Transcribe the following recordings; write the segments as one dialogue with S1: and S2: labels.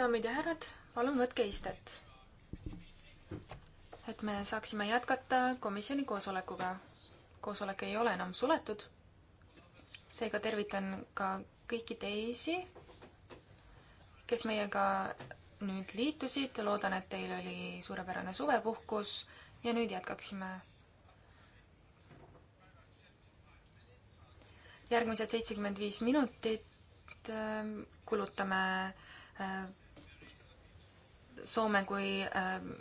S1: daamid ja härrad, palun võtke istet. et me saaksime jätkata komisjoni koosolekuga. koosolek ei ole enam suletud. seega tervitan ka kõiki teisi, kes meiega nüüd liitusid, loodan, et teil oli suurepärane suvepuhkus ja nüüd jätkaksime. järgmised seitsekümmend viis minutit äh, kulutame äh, Soome kui ähm,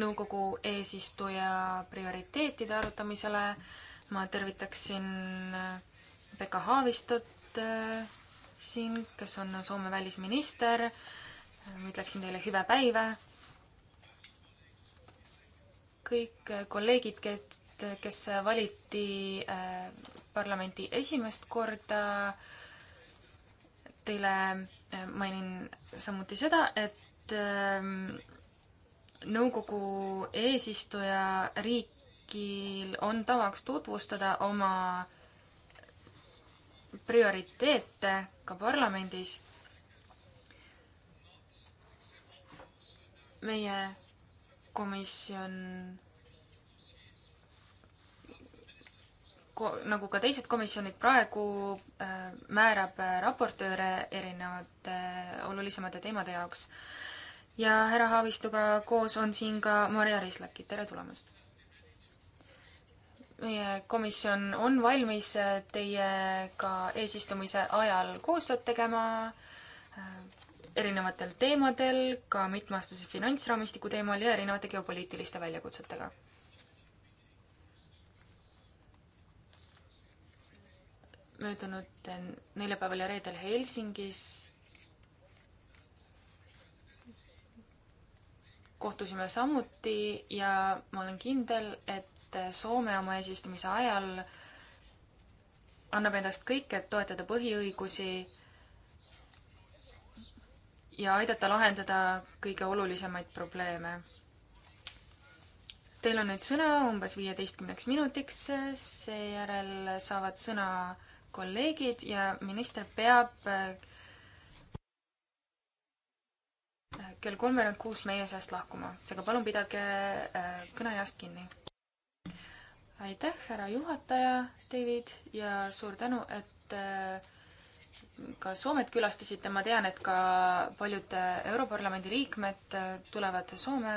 S1: nõukogu eesistuja prioriteetide arutamisele. ma tervitaksin äh, Pekka Haavistot äh, siin, kes on Soome välisminister. Äh, ütleksin teile hüve päive. kõik kolleegid, kes valiti parlamenti esimest korda, teile mainin samuti seda, et et ähm, nõukogu eesistuja riikil on tavaks tutvustada oma prioriteete ka parlamendis. meie komisjon ko-, nagu ka teised komisjonid praegu äh, määrab raportööre erinevate äh, olulisemate teemade jaoks äh, ja härra Haavistuga koos on siin ka Maria Rislaki, tere tulemast! meie komisjon on valmis teiega eesistumise ajal koostööd tegema äh, erinevatel teemadel, ka mitmeaastase finantsraamistiku teemal ja erinevate geopoliitiliste väljakutsetega. möödunud neljapäeval ja reedel Helsingis kohtusime samuti ja ma olen kindel, et Soome oma eesistumise ajal annab endast kõik, et toetada põhiõigusi ja aidata lahendada kõige olulisemaid probleeme. Teil on nüüd sõna umbes viieteistkümneks minutiks, seejärel saavad sõna kolleegid ja minister peab kell kolmveerand kuus meie seast lahkuma, seega palun pidage äh, kõneajast kinni. aitäh, härra juhataja, David, ja suur tänu, et äh, ka Soomet külastasite, ma tean, et ka paljud äh, Europarlamendi liikmed tulevad Soome.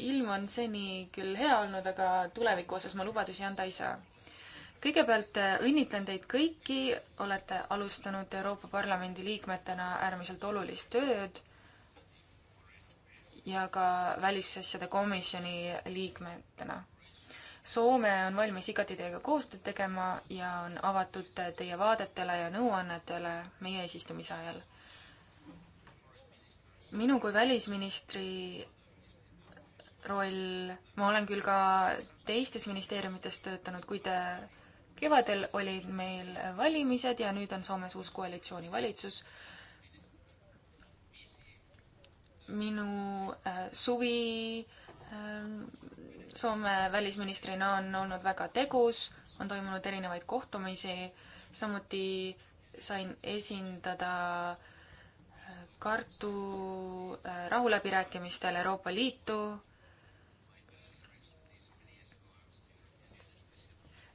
S1: ilm on seni küll hea olnud, aga tuleviku osas ma lubadusi anda ei saa kõigepealt äh, õnnitlen teid kõiki, olete alustanud Euroopa Parlamendi liikmetena äärmiselt olulist tööd ja ka Välisasjade Komisjoni liikmetena. Soome on valmis igati teiega koostööd tegema ja on avatud teie vaadetele ja nõuannetele meie eesistumise ajal. minu kui välisministri roll, ma olen küll ka teistes ministeeriumites töötanud, kui te äh, kevadel olid meil valimised ja nüüd on Soomes uus koalitsioonivalitsus. minu äh, suvi äh, Soome välisministrina on olnud väga tegus, on toimunud erinevaid kohtumisi, samuti sain esindada Tartu äh, rahuläbirääkimistel Euroopa Liitu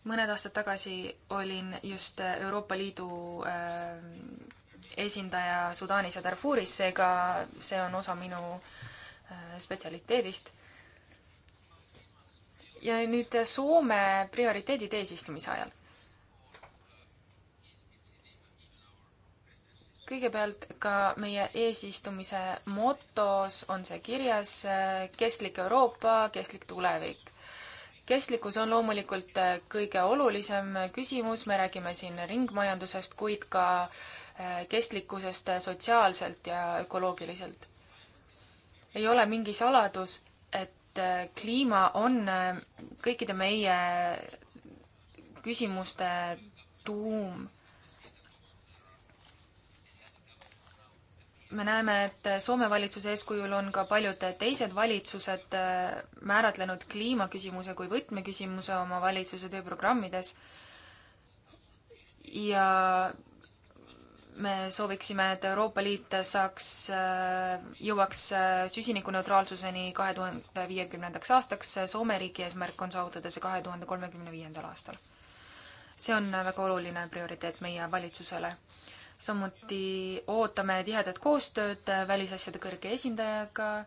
S1: mõned aastad tagasi olin just äh, Euroopa Liidu äh, esindaja Sudaanis ja Darfuris, seega see on osa minu äh, spetsialiteedist. ja nüüd Soome prioriteedid eesistumise ajal. kõigepealt ka meie eesistumise motos on see kirjas, kestlik Euroopa, kestlik tulevik kestlikkus on loomulikult äh, kõige olulisem küsimus, me räägime siin ringmajandusest, kuid ka äh, kestlikkusest äh, sotsiaalselt ja ökoloogiliselt. ei ole mingi saladus, et kliima on kõikide meie küsimuste tuum me näeme, et Soome valitsuse eeskujul on ka paljud teised valitsused äh, määratlenud kliimaküsimuse kui võtmeküsimuse oma valitsuse tööprogrammides. ja me sooviksime, et Euroopa Liit saaks, äh, jõuaks äh, süsinikuneutraalsuseni kahe tuhande viiekümnendaks aastaks. Soome riigi eesmärk on saavutada see kahe tuhande kolmekümne viiendal aastal. see on väga oluline prioriteet meie valitsusele samuti ootame tihedat koostööd välisasjade kõrge esindajaga.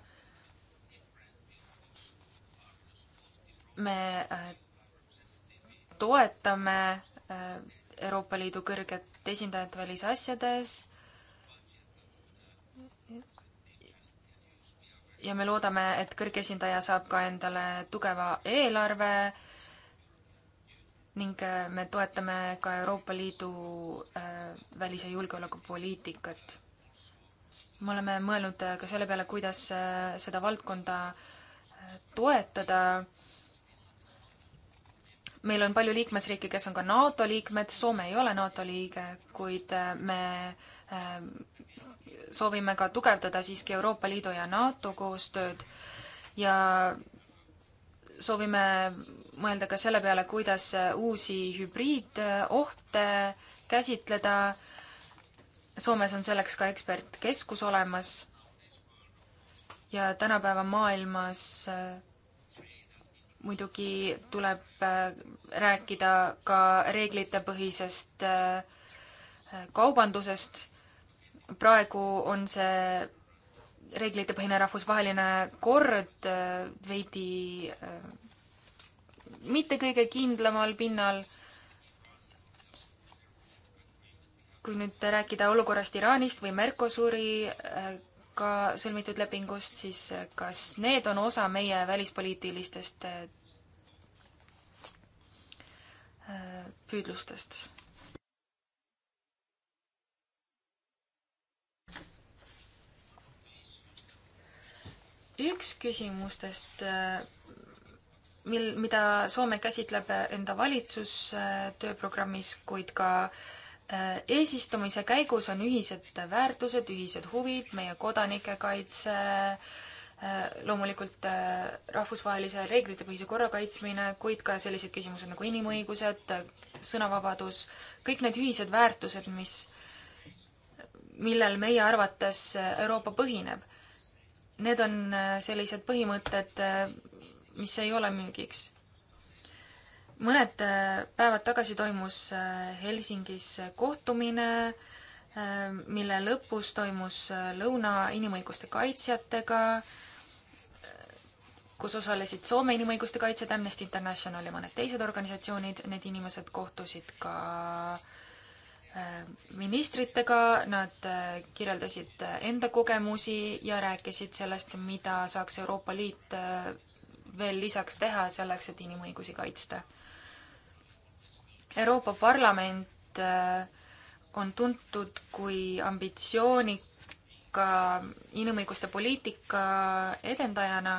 S1: me äh, toetame äh, Euroopa Liidu kõrget esindajat välisasjades. ja me loodame, et kõrge esindaja saab ka endale tugeva eelarve ning äh, me toetame ka Euroopa Liidu äh, välis- ja julgeolekupoliitikat. me oleme mõelnud äh, ka selle peale, kuidas seda valdkonda toetada. meil on palju liikmesriike, kes on ka NATO liikmed, Soome ei ole NATO liige, kuid me soovime ka tugevdada siiski Euroopa Liidu ja NATO koostööd ja soovime mõelda ka selle peale, kuidas äh, uusi hübriidohte käsitleda. Soomes on selleks ka ekspertkeskus olemas. ja tänapäeva maailmas äh, muidugi tuleb äh, rääkida ka reeglitepõhisest kaubandusest. praegu on see reeglitepõhine rahvusvaheline kord veidi mitte kõige kindlamal pinnal. kui nüüd rääkida olukorrast Iraanist või Mercosuriga sõlmitud lepingust, siis kas need on osa meie välispoliitilistest äh, püüdlustest? üks küsimustest äh, mil, mida Soome käsitleb enda valitsus tööprogrammis, kuid ka äh, eesistumise käigus on ühised väärtused, ühised huvid, meie kodanike kaitse, äh, loomulikult äh, rahvusvahelise reeglitepõhise korra kaitsmine, kuid ka sellised küsimused nagu inimõigused, sõnavabadus, kõik need ühised väärtused, mis, millel meie arvates Euroopa põhineb. Need on sellised põhimõtted, mis ei ole müügiks. mõned äh, päevad tagasi toimus äh, Helsingis kohtumine, äh, mille lõpus toimus lõuna inimõiguste kaitsjatega, kus osalesid Soome inimõiguste kaitsjad, Amnesty International ja mõned teised organisatsioonid, need inimesed kohtusid ka ministritega, nad kirjeldasid enda kogemusi ja rääkisid sellest, mida saaks Euroopa Liit veel lisaks teha selleks, et inimõigusi kaitsta. Euroopa Parlament äh, on tuntud kui ambitsioonika inimõiguste poliitika edendajana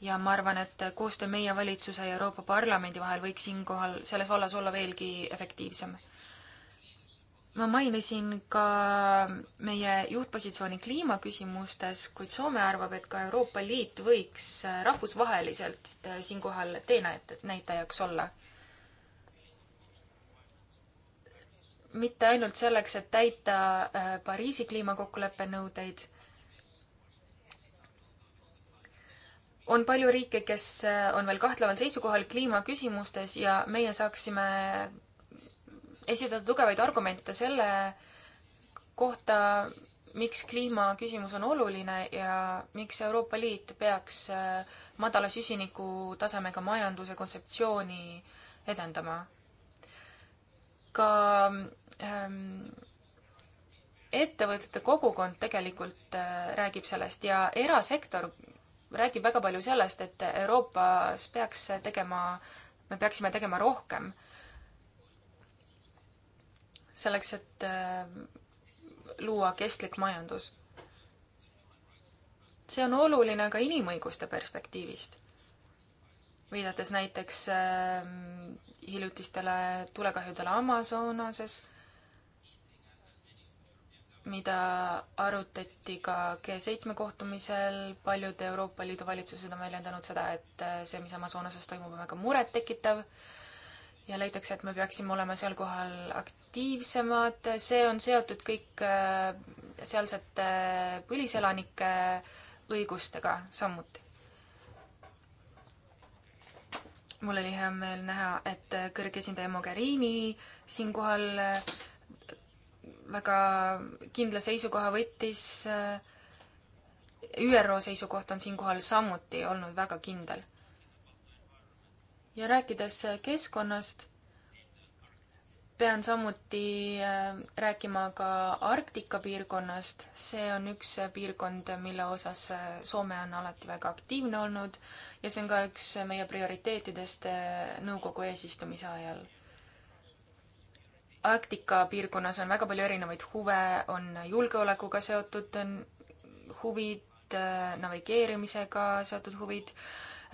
S1: ja ma arvan, et koostöö meie valitsuse ja Euroopa Parlamendi vahel võiks siinkohal selles vallas olla veelgi efektiivsem ma mainisin ka meie juhtpositsiooni kliimaküsimustes, kuid Soome arvab, et ka Euroopa Liit võiks rahvusvaheliselt siinkohal teenäitajaks olla. mitte ainult selleks, et täita äh, Pariisi kliimakokkuleppe nõudeid. on palju riike, kes äh, on veel kahtleval seisukohal kliimaküsimustes ja meie saaksime esitada tugevaid argumente selle kohta, miks kliimaküsimus on oluline ja miks Euroopa Liit peaks äh, madala süsinikutasemega majanduse kontseptsiooni edendama. ka ähm, ettevõtete kogukond tegelikult äh, räägib sellest ja erasektor räägib väga palju sellest, et Euroopas peaks tegema, me peaksime tegema rohkem selleks, et äh, luua kestlik majandus. see on oluline ka inimõiguste perspektiivist, viidates näiteks äh, hiljutistele tulekahjudele Amazonases, mida arutati ka G7 kohtumisel, paljud Euroopa Liidu valitsused on väljendanud seda, et äh, see, mis Amazonases toimub, on väga murettekitav ja leitakse, et me peaksime olema seal kohal aktiivsemad, see on seotud kõik äh, sealsete äh, põliselanike äh, õigustega samuti. mul oli hea meel näha, et kõrge esindaja Mogherini siinkohal väga kindla seisukoha võttis. ÜRO seisukoht on siinkohal samuti olnud väga kindel ja rääkides äh, keskkonnast, pean samuti äh, rääkima ka Arktika piirkonnast. see on üks äh, piirkond, mille osas Soome on alati väga aktiivne olnud ja see on ka üks meie prioriteetidest nõukogu eesistumise ajal. Arktika piirkonnas on väga palju erinevaid huve, on julgeolekuga seotud huvid, navigeerimisega seotud huvid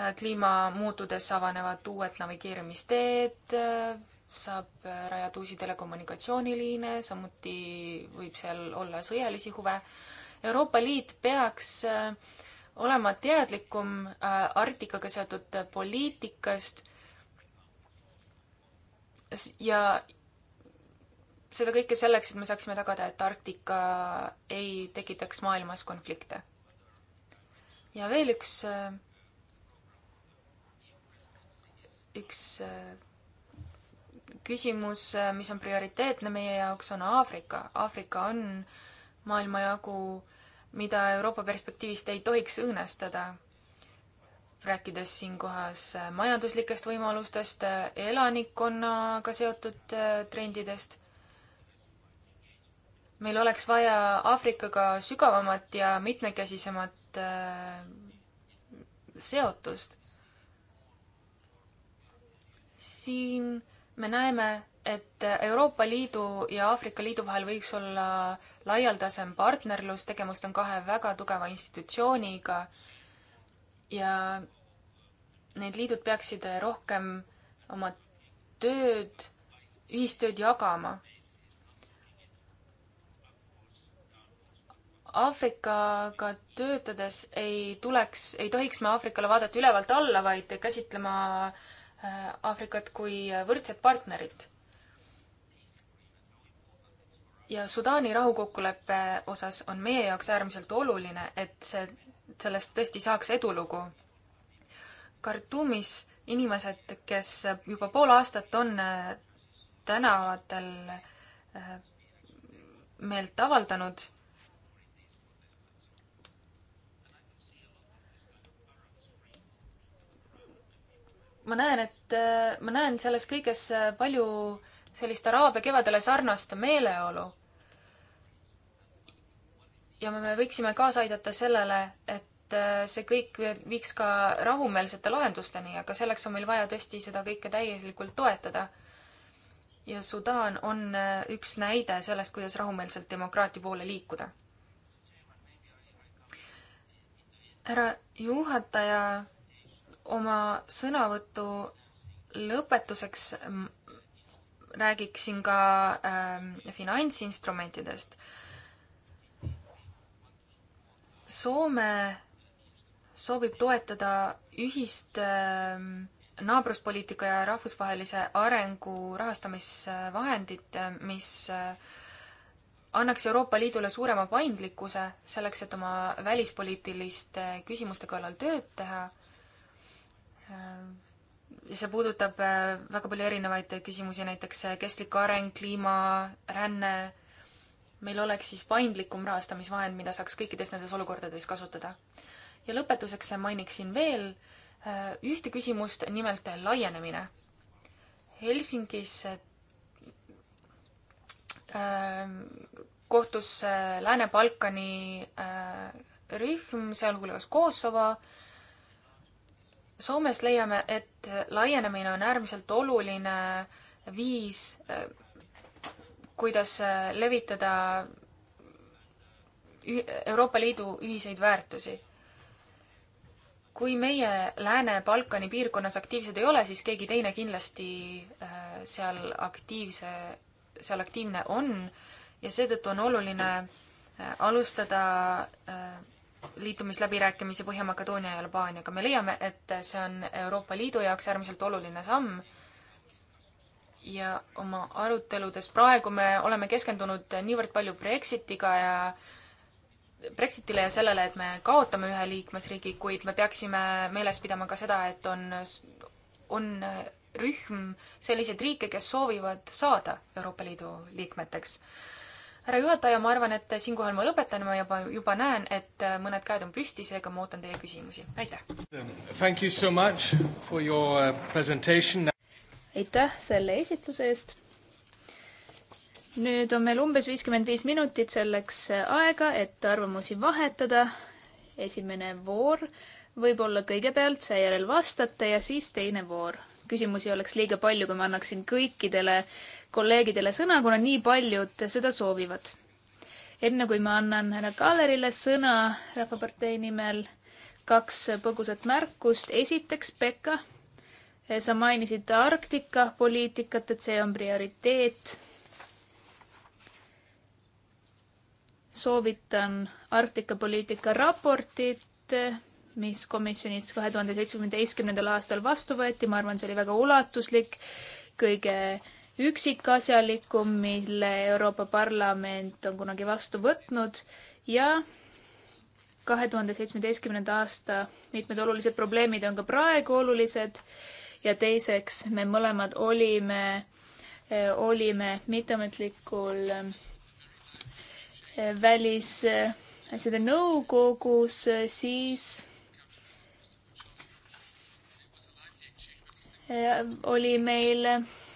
S1: Äh, kliima muutudes avanevad uued navigeerimisteed, äh, saab äh, rajada uusi telekommunikatsiooniliine, samuti võib seal olla sõjalisi huve. Euroopa Liit peaks olema teadlikum Arktikaga seotud poliitikast ja seda kõike selleks, et me saaksime tagada, et Arktika ei tekitaks maailmas konflikte. ja veel üks üks äh, küsimus, äh, mis on prioriteetne meie jaoks, on Aafrika. Aafrika on maailmajagu, mida Euroopa perspektiivist ei tohiks õõnestada. rääkides siinkohas äh, majanduslikest võimalustest, elanikkonnaga seotud trendidest, meil oleks vaja Aafrikaga sügavamat ja mitmekesisemat seotust siin me näeme, et Euroopa Liidu ja Aafrika Liidu vahel võiks olla laialdasem partnerlus, tegemist on kahe väga tugeva institutsiooniga ja need liidud peaksid rohkem oma tööd, ühistööd jagama. Aafrikaga töötades ei tuleks, ei tohiks me Aafrikale vaadata ülevalt alla, vaid käsitlema äh, Äh, Aafrikat kui äh, võrdset partnerit. ja Sudaani rahukokkuleppe osas on meie jaoks äärmiselt oluline, et see, sellest tõesti saaks edulugu. Khartoumis inimesed, kes juba pool aastat on äh, tänavatel meelt avaldanud ma näen, et äh, ma näen selles kõiges äh, palju sellist araabia kevadele sarnast meeleolu. ja me võiksime kaasa aidata sellele, et äh, see kõik viiks ka rahumeelsete lahendusteni, aga selleks on meil vaja tõesti seda kõike täielikult toetada. ja Sudaan on üks näide sellest, kuidas rahumeelselt demokraatia poole liikuda. härra juhataja oma sõnavõtu lõpetuseks räägiksin ka äh, finantsinstrumentidest. Soome soovib toetada ühist äh, naabruspoliitika ja rahvusvahelise arengu rahastamisvahendit, mis äh, annaks Euroopa Liidule suurema paindlikkuse selleks, et oma välispoliitiliste küsimuste kallal tööd teha see puudutab äh, väga palju erinevaid küsimusi, näiteks äh, kestlik areng, kliima, ränne. meil oleks siis paindlikum rahastamisvahend, mida saaks kõikides nendes olukordades kasutada. ja lõpetuseks mainiksin veel äh, ühte küsimust, nimelt laienemine. Helsingis kohtus Lääne-Balkani rühm, sealhulgas Kosovo äh, Soomes leiame, et laienemine on äärmiselt oluline viis, kuidas levitada Euroopa Liidu ühiseid väärtusi. kui meie Lääne-Balkani piirkonnas aktiivsed ei ole, siis keegi teine kindlasti äh, seal aktiivse, seal aktiivne on ja seetõttu on oluline äh, alustada äh, liitumisläbirääkimisi Põhja-Makedoonia ja Albaaniaga. me leiame, et see on Euroopa Liidu jaoks äärmiselt oluline samm ja oma aruteludes praegu me oleme keskendunud niivõrd palju Brexitiga ja Brexitile ja sellele, et me kaotame ühe liikmesriigi, kuid me peaksime meeles pidama ka seda, et on, on rühm selliseid riike, kes soovivad saada Euroopa Liidu liikmeteks härra juhataja, ma arvan, et siinkohal ma lõpetan, ma juba, juba näen, et mõned käed on püsti, seega ma ootan teie küsimusi, aitäh! Uh, aitäh selle esitluse eest!
S2: nüüd on meil umbes viiskümmend viis minutit selleks aega, et arvamusi vahetada. esimene voor võib-olla kõigepealt, seejärel vastate ja siis teine voor. küsimusi oleks liiga palju, kui ma annaksin kõikidele kolleegidele sõna, kuna nii paljud seda soovivad. enne kui ma annan härra Kallerile sõna Rahvapartei nimel, kaks põgusat märkust. esiteks, Pekka, sa mainisid Arktika poliitikat, et see on prioriteet. soovitan Arktika poliitika raportit mis komisjonis kahe tuhande seitsmeteistkümnendal aastal vastu võeti, ma arvan, see oli väga ulatuslik, kõige üksikasjalikum, mille Euroopa Parlament on kunagi vastu võtnud ja kahe tuhande seitsmeteistkümnenda aasta mitmed olulised probleemid on ka praegu olulised. ja teiseks, me mõlemad olime, olime mitteametlikul eh, välisasjade nõukogus, eh, siis eh, oli meil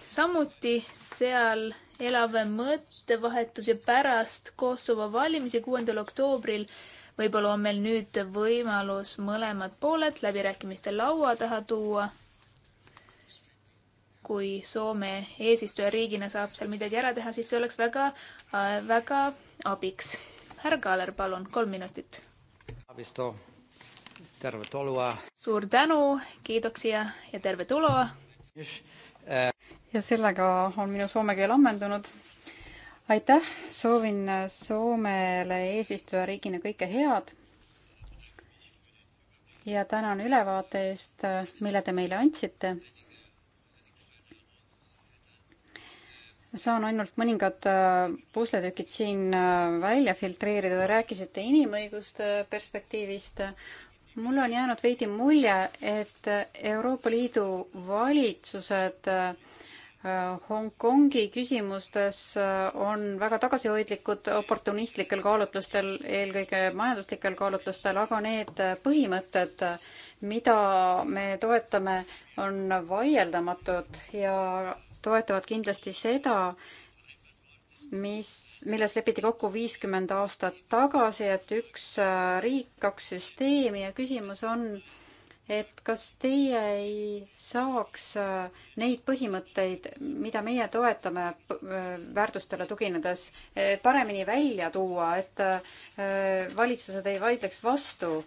S2: samuti seal elav mõttevahetus ja pärast Kosovo valimisi kuuendal oktoobril võib-olla on meil nüüd võimalus mõlemad pooled läbirääkimiste laua taha tuua. kui Soome eesistujariigina saab seal midagi ära teha, siis see oleks väga, äh, väga abiks. härra Kaaler, palun, kolm minutit.
S3: tervetuloa.
S2: suur tänu, kiitoksia
S3: ja tervetuloa ja sellega on minu soome keel ammendunud. aitäh, soovin Soomele eesistujariigina kõike head. ja tänan ülevaate eest, mille te meile andsite. saan ainult mõningad äh, pusletükid siin äh, välja filtreerida, te rääkisite inimõiguste äh, perspektiivist mul on jäänud veidi mulje, et Euroopa Liidu valitsused äh, Äh, Hongkongi küsimustes äh, on väga tagasihoidlikud oportunistlikel kaalutlustel, eelkõige majanduslikel kaalutlustel, aga need äh, põhimõtted, mida me toetame, on vaieldamatud ja toetavad kindlasti seda, mis, milles lepiti kokku viiskümmend aastat tagasi, et üks riik, kaks süsteemi ja küsimus on, et kas teie ei saaks äh, neid põhimõtteid, mida meie toetame äh, väärtustele tuginedes, äh, paremini välja tuua, et valitsused ei vaidleks vastu?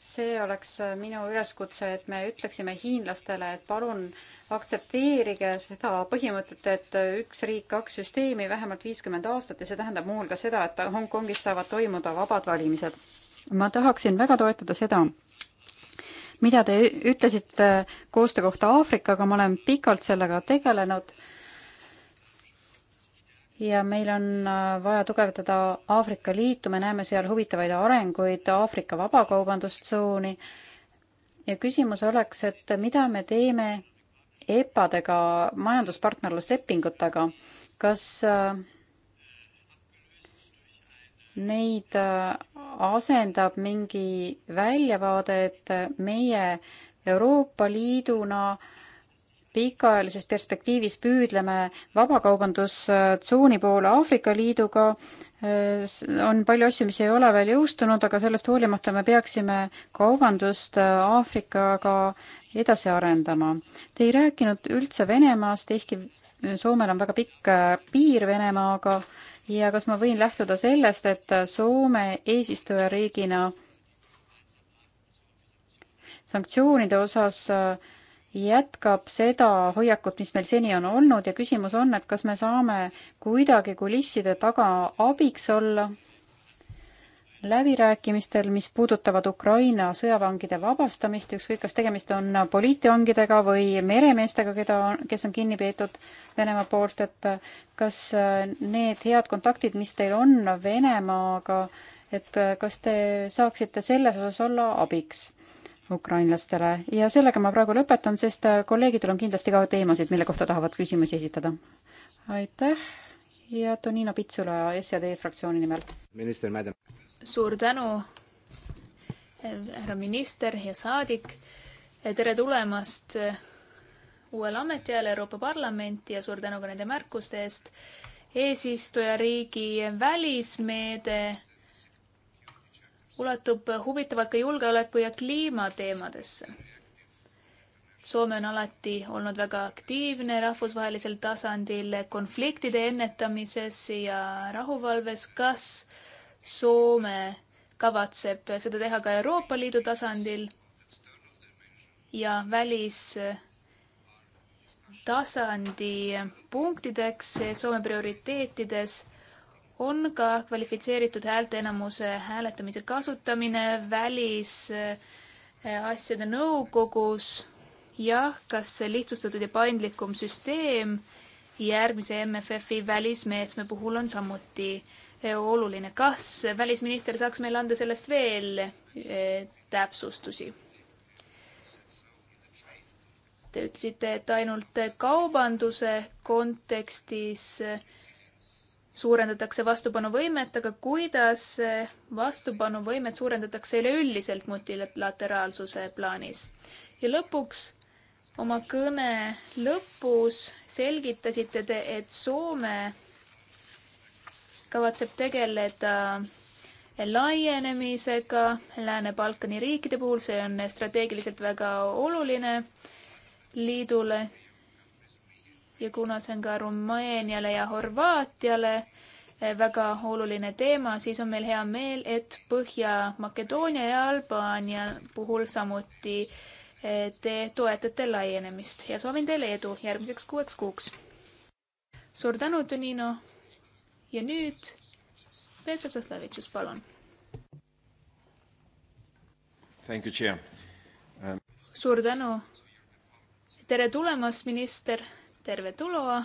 S3: see oleks minu üleskutse, et me ütleksime hiinlastele, et palun aktsepteerige seda põhimõtet, et üks riik, kaks süsteemi vähemalt viiskümmend aastat ja see tähendab muuhulgas seda, et Hongkongis saavad toimuda vabad valimised. ma tahaksin väga toetada seda, mida te ütlesite koostöö kohta Aafrikaga, ma olen pikalt sellega tegelenud ja meil on äh, vaja tugevdada Aafrika Liitu, me näeme seal huvitavaid arenguid, Aafrika vabakaubandustsooni ja küsimus oleks, et mida me teeme EPA-dega, majanduspartnerluslepingutega, kas äh, neid äh, asendab mingi väljavaade, et meie Euroopa Liiduna pikaajalises perspektiivis püüdleme vabakaubandustsooni poole Aafrika Liiduga, on palju asju, mis ei ole veel jõustunud, aga sellest hoolimata me peaksime kaubandust äh, Aafrikaga edasi arendama. Te ei rääkinud üldse Venemaast, ehkki Soomel on väga pikk äh, piir Venemaaga äh,, ja kas ma võin lähtuda sellest, et Soome eesistujariigina sanktsioonide osas äh, jätkab seda hoiakut, mis meil seni on olnud ja küsimus on, et kas me saame kuidagi kulisside taga abiks olla läbirääkimistel, mis puudutavad Ukraina sõjavangide vabastamist, ükskõik kas tegemist on poliitvangidega või meremeestega, keda, kes on kinni peetud Venemaa poolt, et kas need head kontaktid, mis teil on Venemaaga, et kas te saaksite selles osas olla abiks? ukrainlastele ja sellega ma praegu lõpetan, sest kolleegidel on kindlasti ka teemasid, mille kohta tahavad küsimusi esitada. aitäh ja Tonino Pitsula SED fraktsiooni nimel. minister Mädem suur tänu,
S2: härra minister, hea saadik. tere tulemast uuele ametiajale Euroopa Parlamenti ja suur tänu ka nende märkuste eest. eesistujariigi välismeede ulatub huvitavalt ka julgeoleku ja kliimateemadesse. Soome on alati olnud väga aktiivne rahvusvahelisel tasandil konfliktide ennetamises ja rahuvalves. kas äh, Soome kavatseb seda teha ka Euroopa Liidu tasandil ja välistasandi punktideks Soome prioriteetides on ka kvalifitseeritud häälteenamuse hääletamise kasutamine välisasjade eh, nõukogus jah, kas see lihtsustatud ja paindlikum süsteem järgmise MFF-i välismeetme puhul on samuti oluline. kas välisminister saaks meile anda sellest veel eh, täpsustusi? Te ütlesite, et ainult kaubanduse kontekstis suurendatakse vastupanuvõimet, aga kuidas vastupanuvõimet suurendatakse üleüldiselt multilateraalsuse plaanis? ja lõpuks oma kõne lõpus selgitasite te, et Soome kavatseb tegeleda äh, laienemisega Lääne-Balkani riikide puhul, see on strateegiliselt väga oluline liidule. ja kuna see on ka Rumeeniale ja Horvaatiale äh, väga oluline teema, siis on meil hea meel, et Põhja-Makedoonia ja Albaania puhul samuti äh, te toetate laienemist ja soovin teile edu järgmiseks kuueks kuuks. suur tänu, Tõnino ja nüüd Peeter Sõslavitšus, palun.
S4: Um...
S2: suur tänu. tere tulemast, minister. tervetuloa.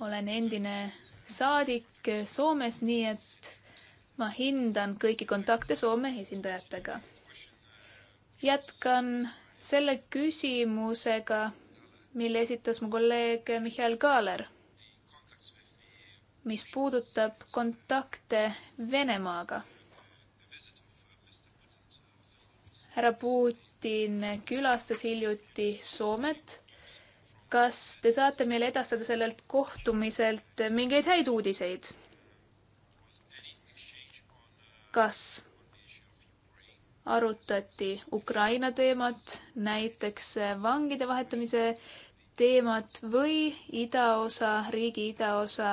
S2: olen endine saadik Soomes, nii et ma hindan kõiki kontakte Soome esindajatega. jätkan selle küsimusega, mille esitas mu kolleeg Mihhail Kaaler mis puudutab kontakte Venemaaga. härra Putin külastas hiljuti Soomet. kas te saate meile edastada sellelt kohtumiselt mingeid häid uudiseid? kas arutati Ukraina teemat, näiteks vangide vahetamise teemat või idaosa, riigi idaosa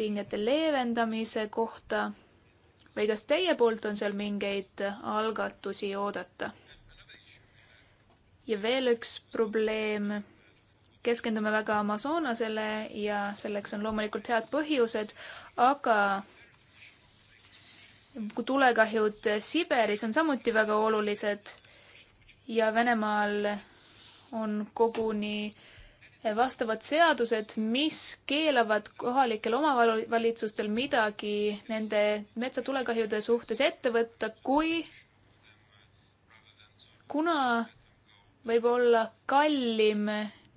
S2: pingete leevendamise kohta või kas teie poolt on seal mingeid algatusi oodata? ja veel üks probleem. keskendume väga Amazonasele ja selleks on loomulikult head põhjused, aga tulekahjud Siberis on samuti väga olulised ja Venemaal on koguni vastavad seadused, mis keelavad kohalikel omavalitsustel midagi nende metsatulekahjude suhtes ette võtta, kui, kuna võib olla kallim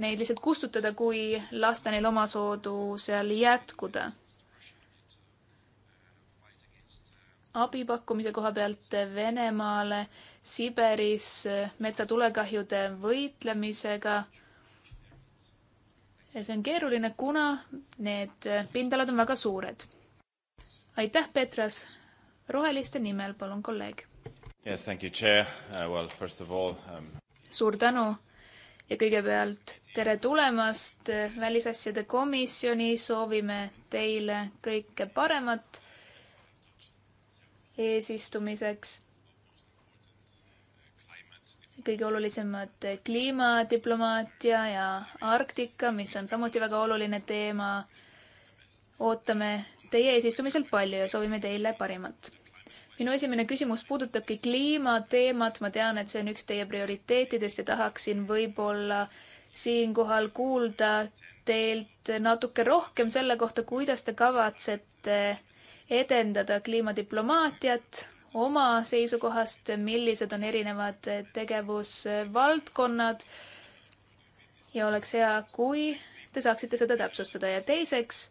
S2: neid lihtsalt kustutada, kui lasta neil omasoodu seal jätkuda. abi pakkumise koha pealt Venemaale, Siberis metsatulekahjude võitlemisega see on keeruline, kuna need pindalad on väga suured. aitäh, Petras. roheliste nimel, palun, kolleeg.
S4: Yes, thank you, chair uh,. Well, first of all um....
S2: suur tänu ja kõigepealt tere tulemast Välisasjade komisjoni, soovime teile kõike paremat eesistumiseks kõige olulisemad eh, kliimadiplomaatia ja Arktika, mis on samuti väga oluline teema. ootame teie eesistumisel palju ja soovime teile parimat. minu esimene küsimus puudutabki kliimateemat. ma tean, et see on üks teie prioriteetidest ja tahaksin võib-olla siinkohal kuulda teilt natuke rohkem selle kohta, kuidas te kavatsete edendada kliimadiplomaatiat oma seisukohast, millised on erinevad tegevusvaldkonnad. ja oleks hea, kui te saaksite seda täpsustada ja teiseks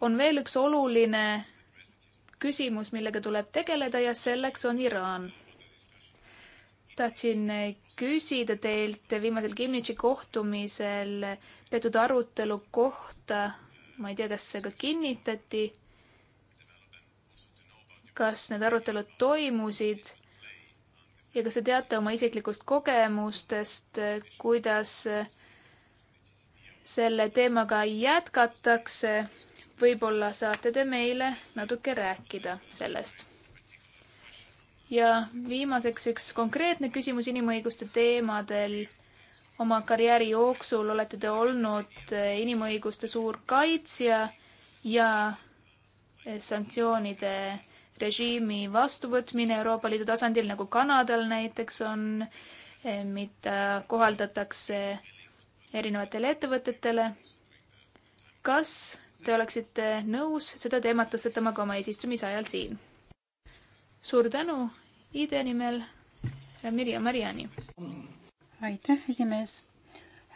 S2: on veel üks oluline küsimus, millega tuleb tegeleda ja selleks on Iraan. tahtsin küsida teilt viimasel Kimnitši kohtumisel peetud arutelu kohta. ma ei tea, kas see ka kinnitati kas need arutelud toimusid ja kas te teate oma isiklikust kogemustest, kuidas selle teemaga jätkatakse? võib-olla saate te meile natuke rääkida sellest. ja viimaseks üks konkreetne küsimus inimõiguste teemadel oma karjääri jooksul olete te olnud inimõiguste suur kaitsja ja sanktsioonide režiimi vastuvõtmine Euroopa Liidu tasandil, nagu Kanadal näiteks on, eh, mida kohaldatakse erinevatele ettevõtetele. kas te oleksite nõus seda teemat tõstatama ka oma eesistumise ajal siin? suur tänu, ID nimel Mirja Mariani.
S3: aitäh, esimees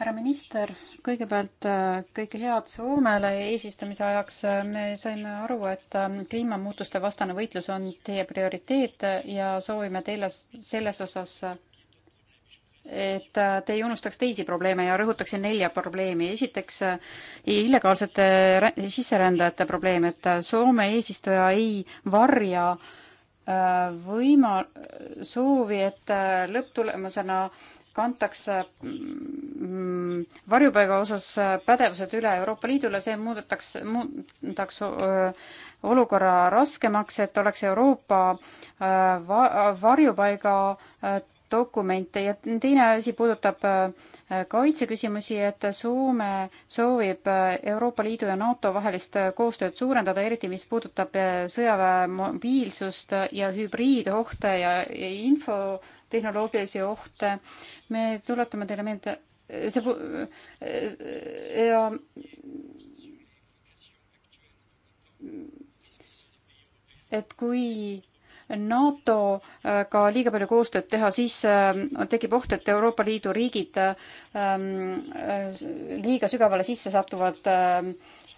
S3: härra minister, kõigepealt äh, kõike head Soomele eesistumise ajaks. me saime aru, et ähm, kliimamuutuste vastane võitlus on teie prioriteet ja soovime teile selles osas, et äh, te ei unustaks teisi probleeme ja rõhutaksin nelja probleemi. esiteks äh, illegaalsete sisserändajate probleem, et Soome eesistuja ei varja võima-, soovi, et lõpptulemusena äh, kantakse mm, varjupaiga osas äh, pädevused üle Euroopa Liidule, see muudetakse, muudaks äh, olukorra raskemaks, et oleks Euroopa äh, va-, varjupaiga dokumente ja teine asi puudutab kaitseküsimusi, et Soome soovib Euroopa Liidu ja NATO vahelist koostööd suurendada, eriti mis puudutab sõjaväe mobiilsust ja hübriidohte ja info tehnoloogilisi ohte. me tuletame teile meelde, see ja et kui NATO-ga liiga palju koostööd teha, siis äh, tekib oht, et Euroopa Liidu riigid ähm, äh, liiga sügavale sisse satuvad ähm,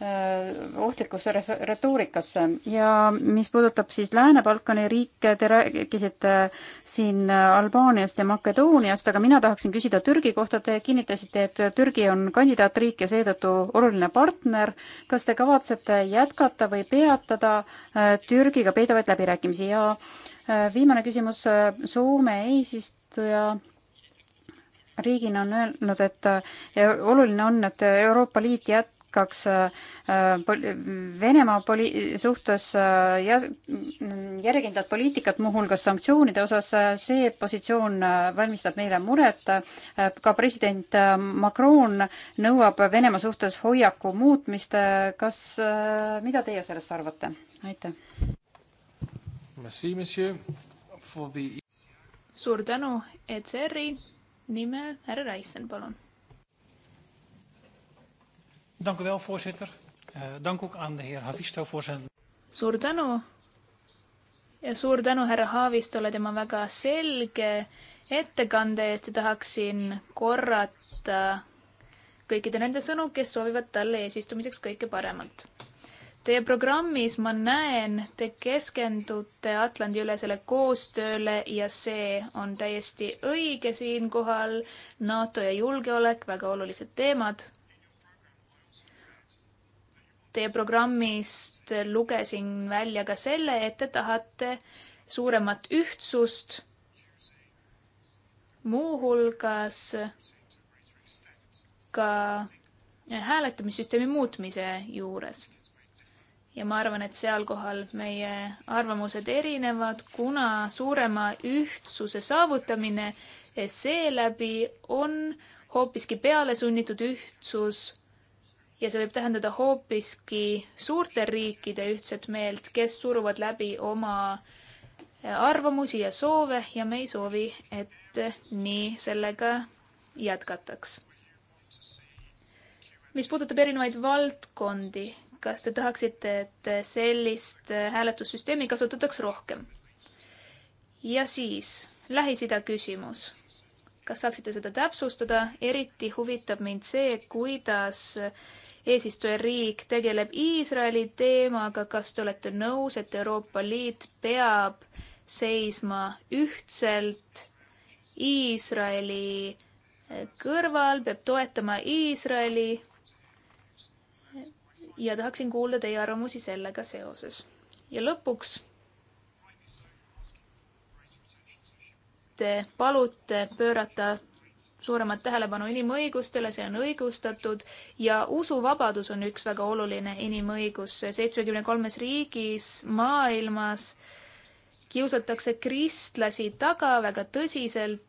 S3: Äh, ohtlikusse retoorikasse ja mis puudutab siis Lääne-Balkani riike, te rääkisite äh, siin äh, Albaaniast ja Makedooniast, aga mina tahaksin küsida Türgi kohta. Te kinnitasite, et Türgi on kandidaatriik ja seetõttu oluline partner. kas te kavatsete jätkata või peatada Türgiga peidavaid läbirääkimisi ja viimane küsimus, Soome eesistuja riigina on öelnud, et oluline on, et Euroopa Liit jät-, jätkaks äh, äh, poli-, Venemaa poli-, suhtes äh, järjekindlat poliitikat, muuhulgas sanktsioonide osas, see positsioon valmistab meile muret. ka president Macron nõuab Venemaa suhtes hoiaku muutmist. kas, mida teie sellest arvate? aitäh. suur tänu,
S4: ECR-i
S2: nimel härra Raisen, palun
S4: Dank u wel, voorzitter. Eh, dank ook aan de heer Havisto voor zijn...
S2: suur tänu ja suur tänu härra Haavistole tema väga selge ettekande eest ja tahaksin korrata kõikide nende sõnu, kes soovivad talle eesistumiseks kõike paremat. Teie programmis ma näen, te keskendute Atlandi-ülesele koostööle ja see on täiesti õige siinkohal. NATO ja julgeolek, väga olulised teemad Teie programmist lugesin välja ka selle, et te tahate suuremat ühtsust, muuhulgas ka hääletamissüsteemi muutmise juures. ja ma arvan, et seal kohal meie arvamused erinevad, kuna suurema ühtsuse saavutamine seeläbi on hoopiski pealesunnitud ühtsus ja see võib tähendada hoopiski suurte riikide ühtset meelt, kes suruvad läbi oma arvamusi ja soove ja me ei soovi, et nii sellega jätkataks. mis puudutab erinevaid valdkondi, kas te tahaksite, et sellist hääletussüsteemi kasutataks rohkem? ja siis Lähis-Ida küsimus. kas saaksite seda täpsustada? eriti huvitab mind see, kuidas eesistujariik tegeleb Iisraeli teemaga, kas te olete nõus, et Euroopa Liit peab seisma ühtselt Iisraeli eh, kõrval, peab toetama Iisraeli. ja tahaksin kuulda teie arvamusi sellega seoses. ja lõpuks te palute pöörata suuremat tähelepanu inimõigustele, see on õigustatud ja usuvabadus on üks väga oluline inimõigus. seitsmekümne kolmes riigis maailmas kiusatakse kristlasi taga väga tõsiselt.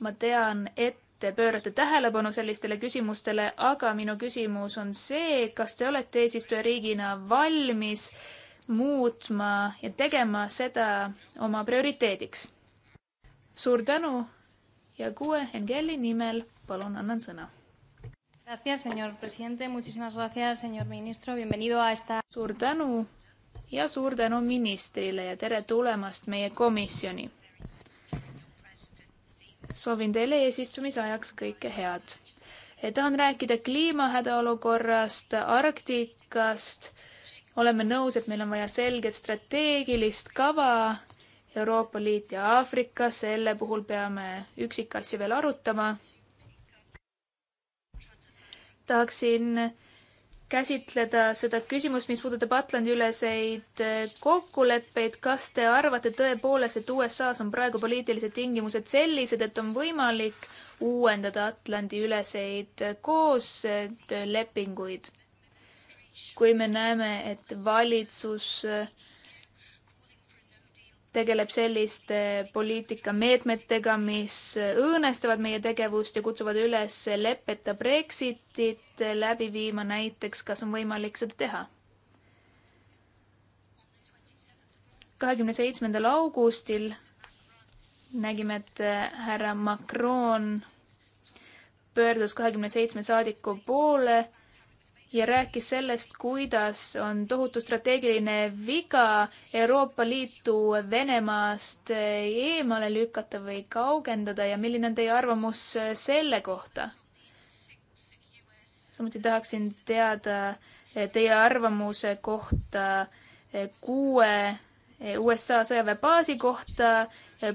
S2: ma tean, et te pöörate tähelepanu sellistele küsimustele, aga minu küsimus on see, kas te olete eesistujariigina valmis muutma ja tegema seda oma prioriteediks? suur tänu ja kuue Engeli nimel palun annan sõna. Gracias, señor presidente, muchísimas gracias, señor ministro, bienvenido a esta. suur tänu ja suur tänu ministrile ja tere tulemast meie komisjoni. soovin teile eesistumise ajaks kõike head. tahan rääkida kliimahädaolukorrast, Arktikast oleme nõus, et meil on vaja selget strateegilist kava Euroopa Liit ja Aafrika, selle puhul peame üksikasju veel arutama. tahaksin käsitleda seda küsimust, mis puudutab Atlandi-üleseid kokkuleppeid. kas te arvate tõepoolest, et USA-s on praegu poliitilised tingimused sellised, et on võimalik uuendada Atlandi-üleseid koostöölepinguid? kui me näeme, et valitsus äh, tegeleb selliste poliitikameetmetega, mis õõnestavad meie tegevust ja kutsuvad üles leppeta Brexitit läbi viima, näiteks kas on võimalik seda teha? kahekümne seitsmendal augustil nägime, et härra Macron pöördus kahekümne seitsme saadiku poole ja rääkis sellest, kuidas on tohutu strateegiline viga Euroopa Liitu Venemaast eemale lükata või kaugendada ja milline on teie arvamus selle kohta? samuti tahaksin teada eh, teie arvamuse kohta eh, kuue eh, USA sõjaväebaasi kohta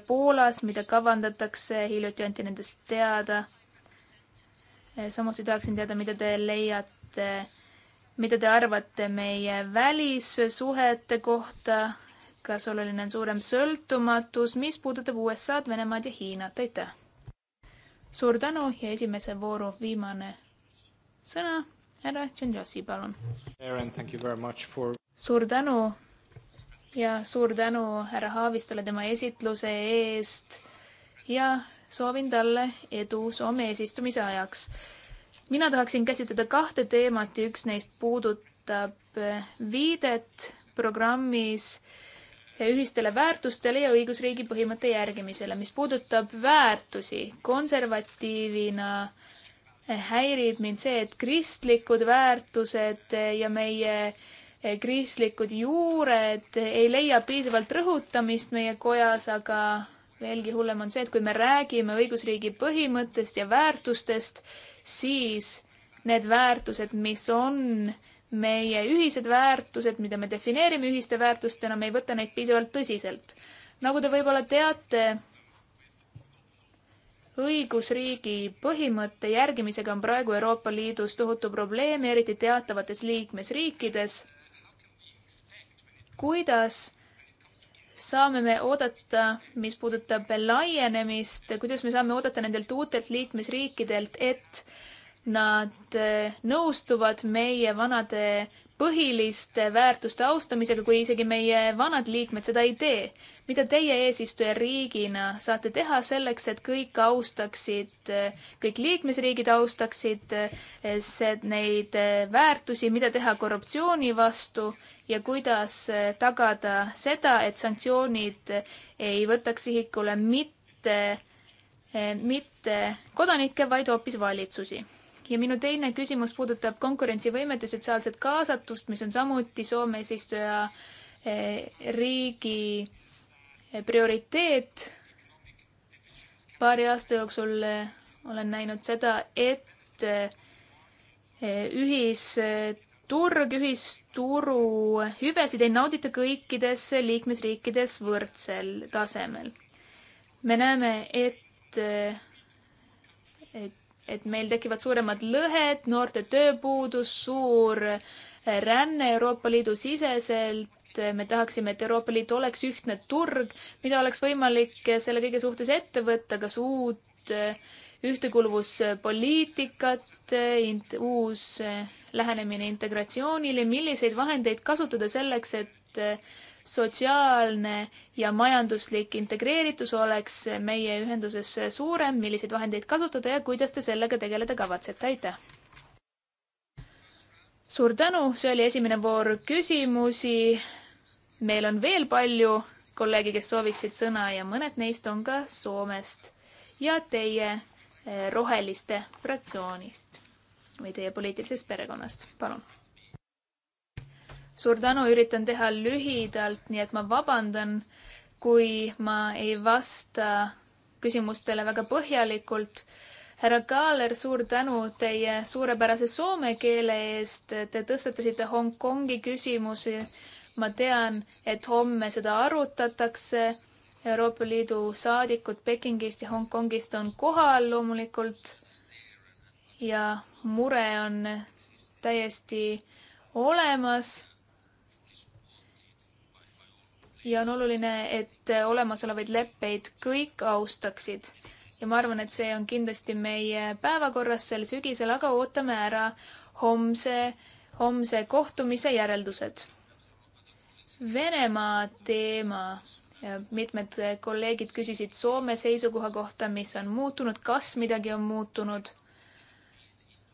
S2: Poolas, mida kavandatakse, hiljuti anti nendest teada. samuti tahaksin teada, mida te leiate et mida te arvate meie välissuhete kohta, kas oluline on suurem sõltumatus, mis puudutab USA-d, Venemaad ja Hiinat, aitäh! suur tänu ja esimese vooru viimane sõna, härra Tšendžossi, palun! For... suur tänu ja suur tänu härra Haavistule tema esitluse eest ja soovin talle edu Soome eesistumise ajaks mina tahaksin käsitleda kahte teemat ja üks neist puudutab eh, viidet programmis eh, ühistele väärtustele ja õigusriigi põhimõtte järgimisele. mis puudutab väärtusi, konservatiivina eh, häirib mind see, et kristlikud väärtused ja meie kristlikud juured ei leia piisavalt rõhutamist meie kojas, aga veelgi hullem on see, et kui me räägime õigusriigi põhimõttest ja väärtustest, siis need väärtused, mis on meie ühised väärtused, mida me defineerime ühiste väärtustena, me ei võta neid piisavalt tõsiselt. nagu te võib-olla teate, õigusriigi põhimõtte järgimisega on praegu Euroopa Liidus tohutu probleem, eriti teatavates liikmesriikides. kuidas saame me oodata, mis puudutab laienemist, kuidas me saame oodata nendelt uutelt liikmesriikidelt, et nad eh, nõustuvad meie vanade põhiliste väärtuste austamisega, kui isegi meie vanad liikmed seda ei tee. mida teie eesistujariigina saate teha selleks, et kõik austaksid, kõik liikmesriigid austaksid neid väärtusi, mida teha korruptsiooni vastu ja kuidas tagada seda, et sanktsioonid ei võtaks sihikule mitte, mitte kodanikke, vaid hoopis valitsusi? ja minu teine küsimus puudutab konkurentsivõimet ja sotsiaalset kaasatust, mis on samuti Soome eesistuja eh, riigi eh, prioriteet. paari aasta jooksul eh, olen näinud seda, et ühisturg, ühisturu hüvesid ei naudita kõikides liikmesriikides võrdsel tasemel. me näeme, et et meil tekivad suuremad lõhed, noorte tööpuudus, suur eh, ränne Euroopa Liidu siseselt, me tahaksime, et Euroopa Liit oleks ühtne turg, mida oleks võimalik eh, selle kõige suhtes ette võtta, kas uut eh, ühtekuuluvuspoliitikat, uus lähenemine integratsioonile, milliseid vahendeid kasutada selleks, et sotsiaalne ja majanduslik integreeritus oleks meie ühenduses suurem, milliseid vahendeid kasutada ja kuidas te sellega tegeleda kavatsete, aitäh! suur tänu, see oli esimene voor küsimusi. meil on veel palju kolleege, kes sooviksid sõna ja mõned neist on ka Soomest ja teie eh, roheliste fraktsioonist või teie poliitilisest perekonnast, palun suur tänu, üritan teha lühidalt, nii et ma vabandan, kui ma ei vasta küsimustele väga põhjalikult. härra Kaaler, suur tänu teie suurepärase soome keele eest. Te tõstatasite Hongkongi küsimusi. ma tean, et homme seda arutatakse. Euroopa Liidu saadikud Pekingist ja Hongkongist on kohal loomulikult. ja mure on täiesti olemas ja on oluline, et olemasolevaid leppeid kõik austaksid. ja ma arvan, et see on kindlasti meie päevakorras sel sügisel, aga ootame ära homse, homse kohtumise järeldused. Venemaa teema ja mitmed kolleegid küsisid Soome seisukoha kohta, mis on muutunud, kas midagi on muutunud.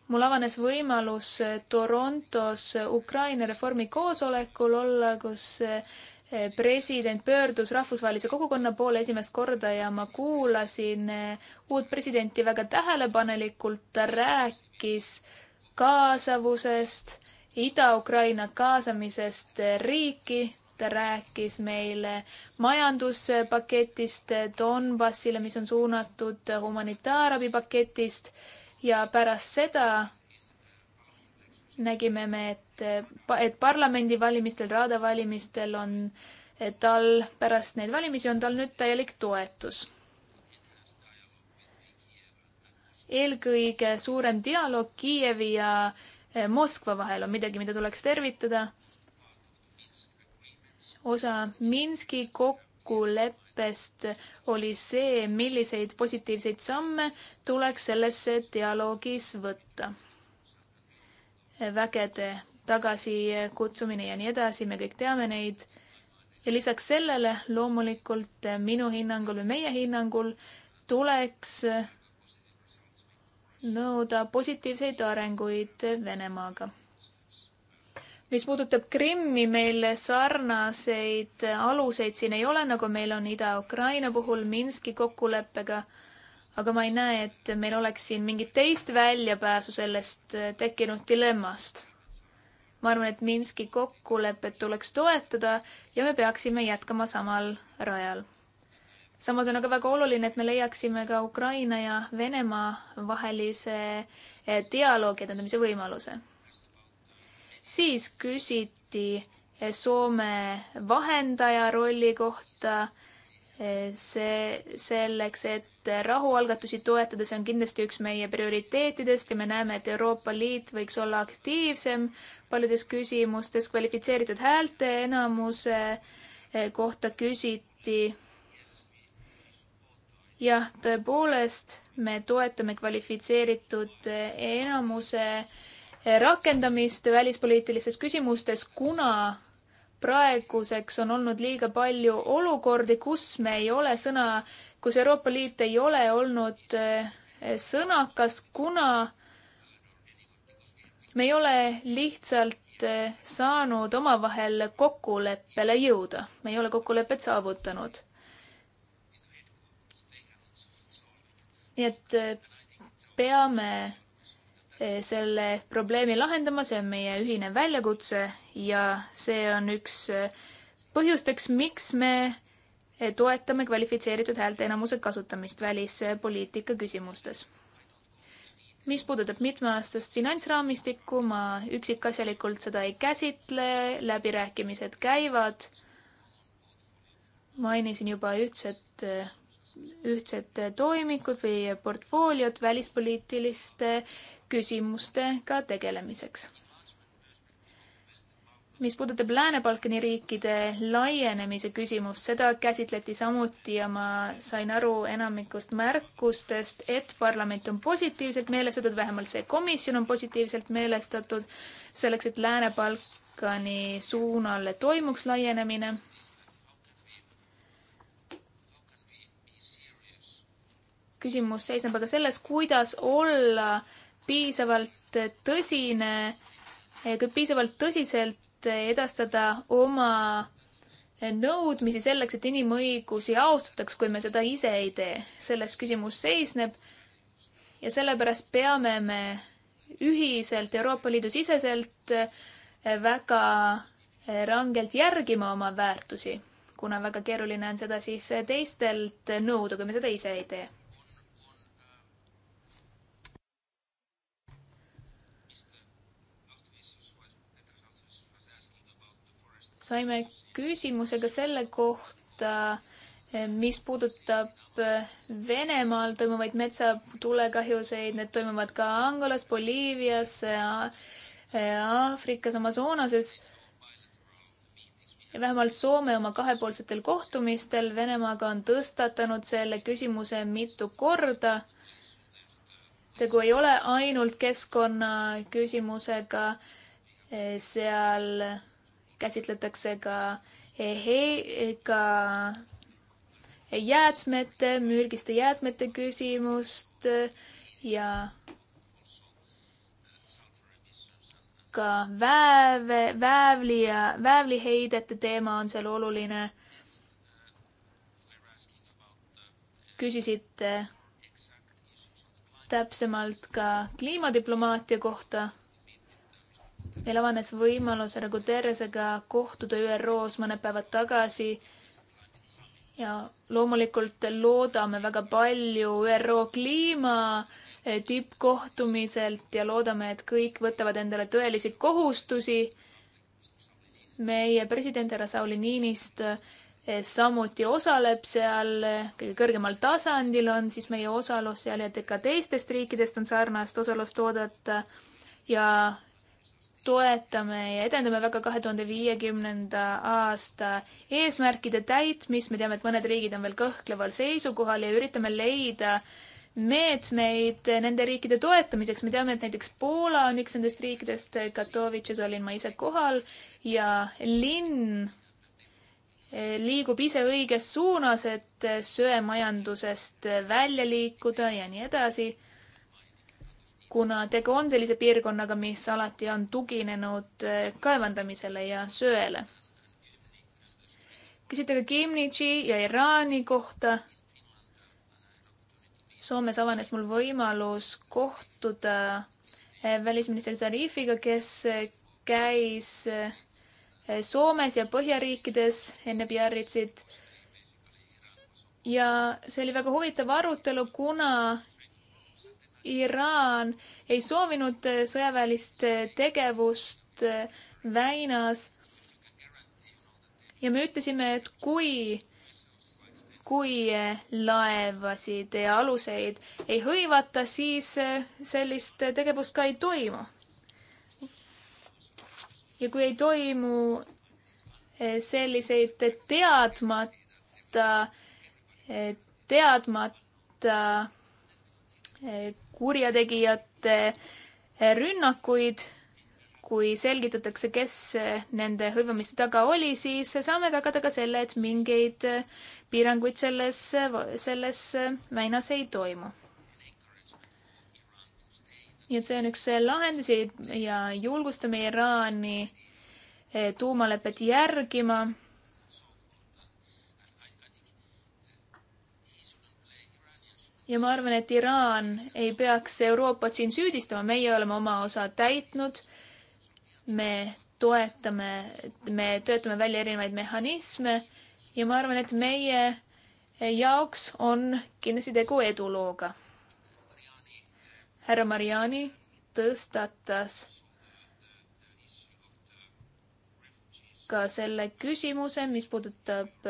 S2: mul avanes võimalus Torontos Ukraina reformi koosolekul olla, kus president pöördus rahvusvahelise kogukonna poole esimest korda ja ma kuulasin eh, uut presidenti väga tähelepanelikult. ta rääkis kaasavusest, Ida-Ukraina kaasamisest riiki. ta rääkis meile majanduspaketist Donbassile, mis on suunatud humanitaarabipaketist ja pärast seda nägime me, et, et parlamendivalimistel, Raada valimistel on tal pärast neid valimisi on tal nüüd täielik toetus. eelkõige suurem dialoog Kiievi ja eh, Moskva vahel on midagi, mida tuleks tervitada. osa Minski kokkuleppest oli see, milliseid positiivseid samme tuleks sellesse dialoogis võtta vägede tagasikutsumine ja nii edasi, me kõik teame neid. ja lisaks sellele loomulikult minu hinnangul või meie hinnangul tuleks nõuda positiivseid arenguid Venemaaga. mis puudutab Krimmi, meil sarnaseid aluseid siin ei ole, nagu meil on Ida-Ukraina puhul Minski kokkuleppega aga ma ei näe, et meil oleks siin mingit teist väljapääsu sellest äh, tekkinud dilemmast. ma arvan, et Minski kokkulepet tuleks toetada ja me peaksime jätkama samal rajal. samas on aga väga oluline, et me leiaksime ka Ukraina ja Venemaa vahelise äh, dialoogi edendamise võimaluse. siis küsiti äh, Soome vahendaja rolli kohta see selleks, et et rahualgatusi toetada, see on kindlasti üks meie prioriteetidest ja me näeme, et Euroopa Liit võiks olla aktiivsem paljudes küsimustes. kvalifitseeritud häälte enamuse eh, kohta küsiti. jah, tõepoolest, me toetame kvalifitseeritud eh, enamuse eh, rakendamist välispoliitilistes küsimustes, kuna praeguseks on olnud liiga palju olukordi, kus me ei ole sõna, kus Euroopa Liit ei ole olnud eh, sõnakas, kuna me ei ole lihtsalt eh, saanud omavahel kokkuleppele jõuda, me ei ole kokkulepet saavutanud. nii et eh, peame Eh, selle probleemi lahendama, see on meie ühine väljakutse ja see on üks eh, põhjusteks, miks me eh, toetame kvalifitseeritud häälteenamuse kasutamist välispoliitika küsimustes. mis puudutab mitmeaastast finantsraamistikku, ma üksikasjalikult seda ei käsitle, läbirääkimised käivad. mainisin juba ühtset, ühtset toimikut või portfooliot välispoliitiliste küsimustega tegelemiseks. mis puudutab Lääne-Balkani riikide laienemise küsimust, seda käsitleti samuti ja ma sain aru enamikust märkustest, et parlament on positiivselt meelestatud, vähemalt see komisjon on positiivselt meelestatud selleks, et Lääne-Balkani suunal toimuks laienemine küsimus seisneb aga selles, kuidas olla piisavalt tõsine, kui piisavalt tõsiselt edastada oma nõudmisi selleks, et inimõigusi austataks, kui me seda ise ei tee. selles küsimus seisneb. ja sellepärast peame me ühiselt Euroopa Liidu siseselt väga rangelt järgima oma väärtusi, kuna väga keeruline on seda siis teistelt nõuda, kui me seda ise ei tee. saime küsimuse ka selle kohta, mis puudutab eh, Venemaal toimuvaid metsatulekahjuseid, need toimuvad ka Angolas, Boliivias, eh, Aafrikas, Amazonases. vähemalt Soome oma kahepoolsetel kohtumistel Venemaaga on tõstatanud selle küsimuse mitu korda. tegu ei ole ainult keskkonnaküsimusega eh, seal käsitletakse ka he-, ka jäätmete, mürgiste jäätmete küsimust ja ka vääv, väävli ja väävliheidete teema on seal oluline. küsisite täpsemalt ka kliimadiplomaatia kohta meil avanes võimalus härra Guterresega kohtuda ÜRO-s mõned päevad tagasi. ja loomulikult loodame väga palju ÜRO kliima eh, tippkohtumiselt ja loodame, et kõik võtavad endale tõelisi kohustusi. meie president härra Sauli Niinist eh, samuti osaleb seal, eh, kõige kõrgemal tasandil on siis meie osalus seal ja ka teistest riikidest on sarnast osalust oodata. ja toetame ja edendame väga kahe tuhande viiekümnenda aasta eesmärkide täitmist, me teame, et mõned riigid on veel kõhkleval seisukohal ja üritame leida meetmeid nende riikide toetamiseks. me teame, et näiteks Poola on üks nendest riikidest, Katowices olin ma ise kohal ja linn eh, liigub ise õiges suunas, et söemajandusest välja liikuda ja nii edasi kuna tegu on sellise piirkonnaga, mis alati on tuginenud eh, kaevandamisele ja söele. küsite ka Kimnichi ja Iraani kohta. Soomes avanes mul võimalus kohtuda eh, välisminister Zarifiga, kes eh, käis Soomes ja Põhjariikides enne Biarritzit. ja see oli väga huvitav arutelu, kuna Iraan ei soovinud eh, sõjaväelist eh, tegevust eh, väinas. ja me ütlesime, et kui, kui laevasid ja aluseid ei hõivata, siis sellist tegevust ka ei toimu. ja kui ei toimu selliseid teadmata, teadmata kurjategijate eh, rünnakuid. kui selgitatakse, kes eh, nende hõivamiste taga oli, siis saame tagada ka selle, et mingeid eh, piiranguid selles, selles väinas ei toimu. nii et see on üks lahendusi ja julgustame Iraani tuumalepet järgima ja ma arvan, et Iraan ei peaks Euroopat siin süüdistama, meie oleme oma osa täitnud. me toetame, me töötame välja erinevaid mehhanisme ja ma arvan, et meie jaoks on kindlasti tegu edulooga. härra Mariani tõstatas ka selle küsimuse, mis puudutab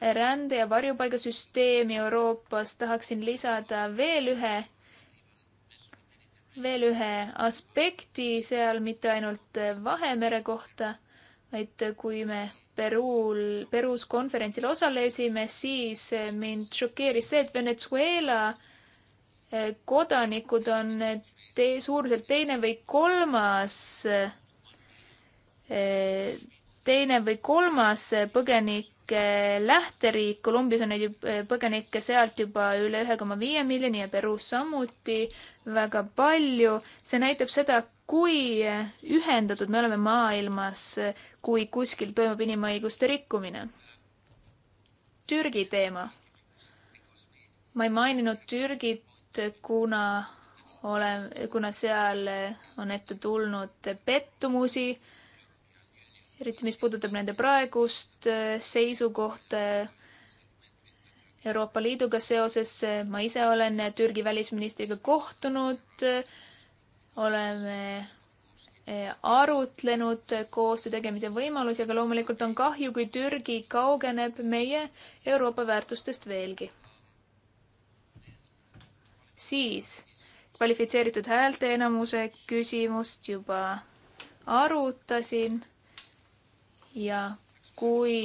S2: rände- ja varjupaigasüsteemi Euroopas tahaksin lisada veel ühe, veel ühe aspekti seal, mitte ainult Vahemere kohta, vaid kui me Peruul, Perus konverentsil osalesime, siis mind šokeeris see, et Venezuela eh, kodanikud on te-, suuruselt teine või kolmas, eh, teine või kolmas põgenik põgenike lähteriik, Kolumbias on neid eh, põgenikke sealt juba üle ühe koma viie miljoni ja Peruus samuti väga palju. see näitab seda, kui eh, ühendatud me oleme maailmas, kui kuskil toimub inimõiguste rikkumine. Türgi teema. ma ei maininud Türgit, kuna olen, kuna seal eh, on ette tulnud pettumusi eriti mis puudutab nende praegust äh, seisukohta Euroopa Liiduga seoses. Äh, ma ise olen äh, Türgi välisministriga kohtunud, oleme arutlenud koostöö tegemise võimalusi, aga loomulikult on kahju, kui Türgi kaugeneb meie Euroopa väärtustest veelgi. siis kvalifitseeritud häälteenamuse küsimust juba arutasin ja kui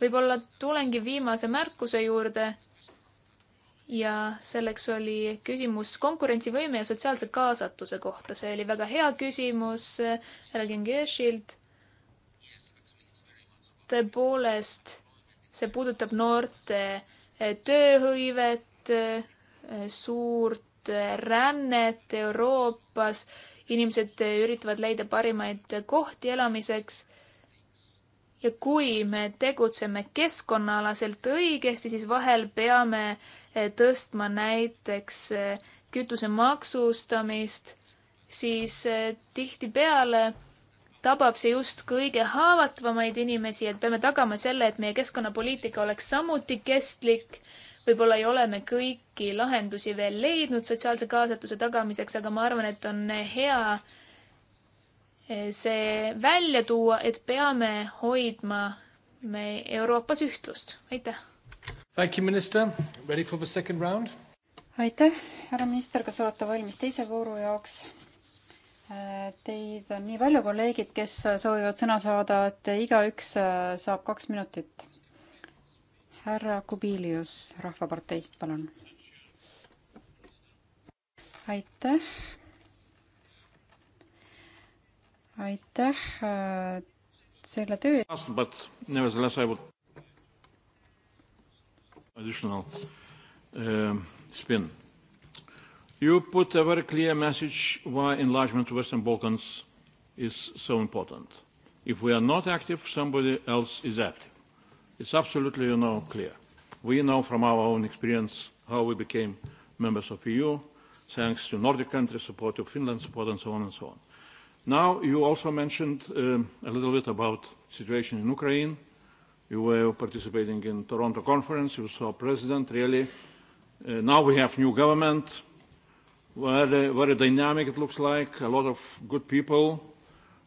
S2: võib-olla tulengi viimase märkuse juurde ja selleks oli küsimus konkurentsivõime ja sotsiaalse kaasatuse kohta. see oli väga hea küsimus äh, härra Gengeshilt. tõepoolest, see puudutab noorte äh, tööhõivet, äh, suurt rännet Euroopas. inimesed üritavad leida parimaid kohti elamiseks ja kui me tegutseme keskkonnaalaselt õigesti, siis vahel peame eh, tõstma näiteks eh, kütuse maksustamist, siis eh, tihtipeale tabab see just kõige haavatavamaid inimesi, et peame tagama selle, et meie keskkonnapoliitika oleks samuti kestlik. võib-olla ei ole me kõiki lahendusi veel leidnud sotsiaalse kaasatuse tagamiseks, aga ma arvan, et on hea äh, see välja tuua, et peame hoidma
S3: me Euroopas ühtlust. aitäh!
S4: Thank you, minister. Ready for the second round?
S3: aitäh, härra minister, kas olete valmis teise vooru jaoks? Teid on nii palju kolleegid, kes soovivad sõna saada, et igaüks saab kaks minutit. härra Kubilius Rahvaparteist, palun. aitäh, aitäh äh, selle töö
S4: eest. Additional uh, spin. You put a very clear message why enlargement to Western Balkans is so important. If we are not active, somebody else is active. It's absolutely, you know, clear. We know from our own experience how we became members of EU, thanks to Nordic countries, support to Finland, support, and so on and so on. Now, you also mentioned um, a little bit about situation in Ukraine. You were participating in Toronto conference. You saw president, really. Uh, now we have new government. Very, very dynamic it looks like. A lot of good people.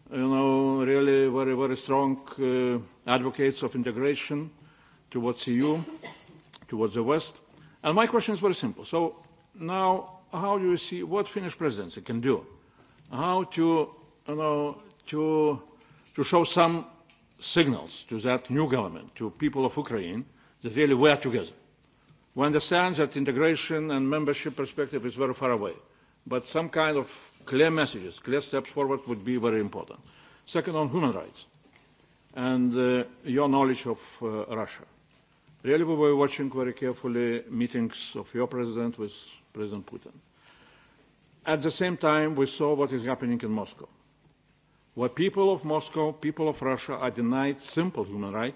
S4: You know, really very, very strong uh, advocates of integration towards EU, towards the West. And my question is very simple. So now, how do you see what Finnish presidency can do? How to you know, to, to show some signals to that new government, to people of Ukraine, that really we are together. We understand that integration and membership perspective is very far away, but some kind of clear messages, clear steps forward would be very important. Second, on human rights and uh, your knowledge of uh, Russia. Really, we were watching very carefully meetings of your president with President Putin. At the same time, we saw what is happening in Moscow where people of Moscow, people of Russia are denied simple human right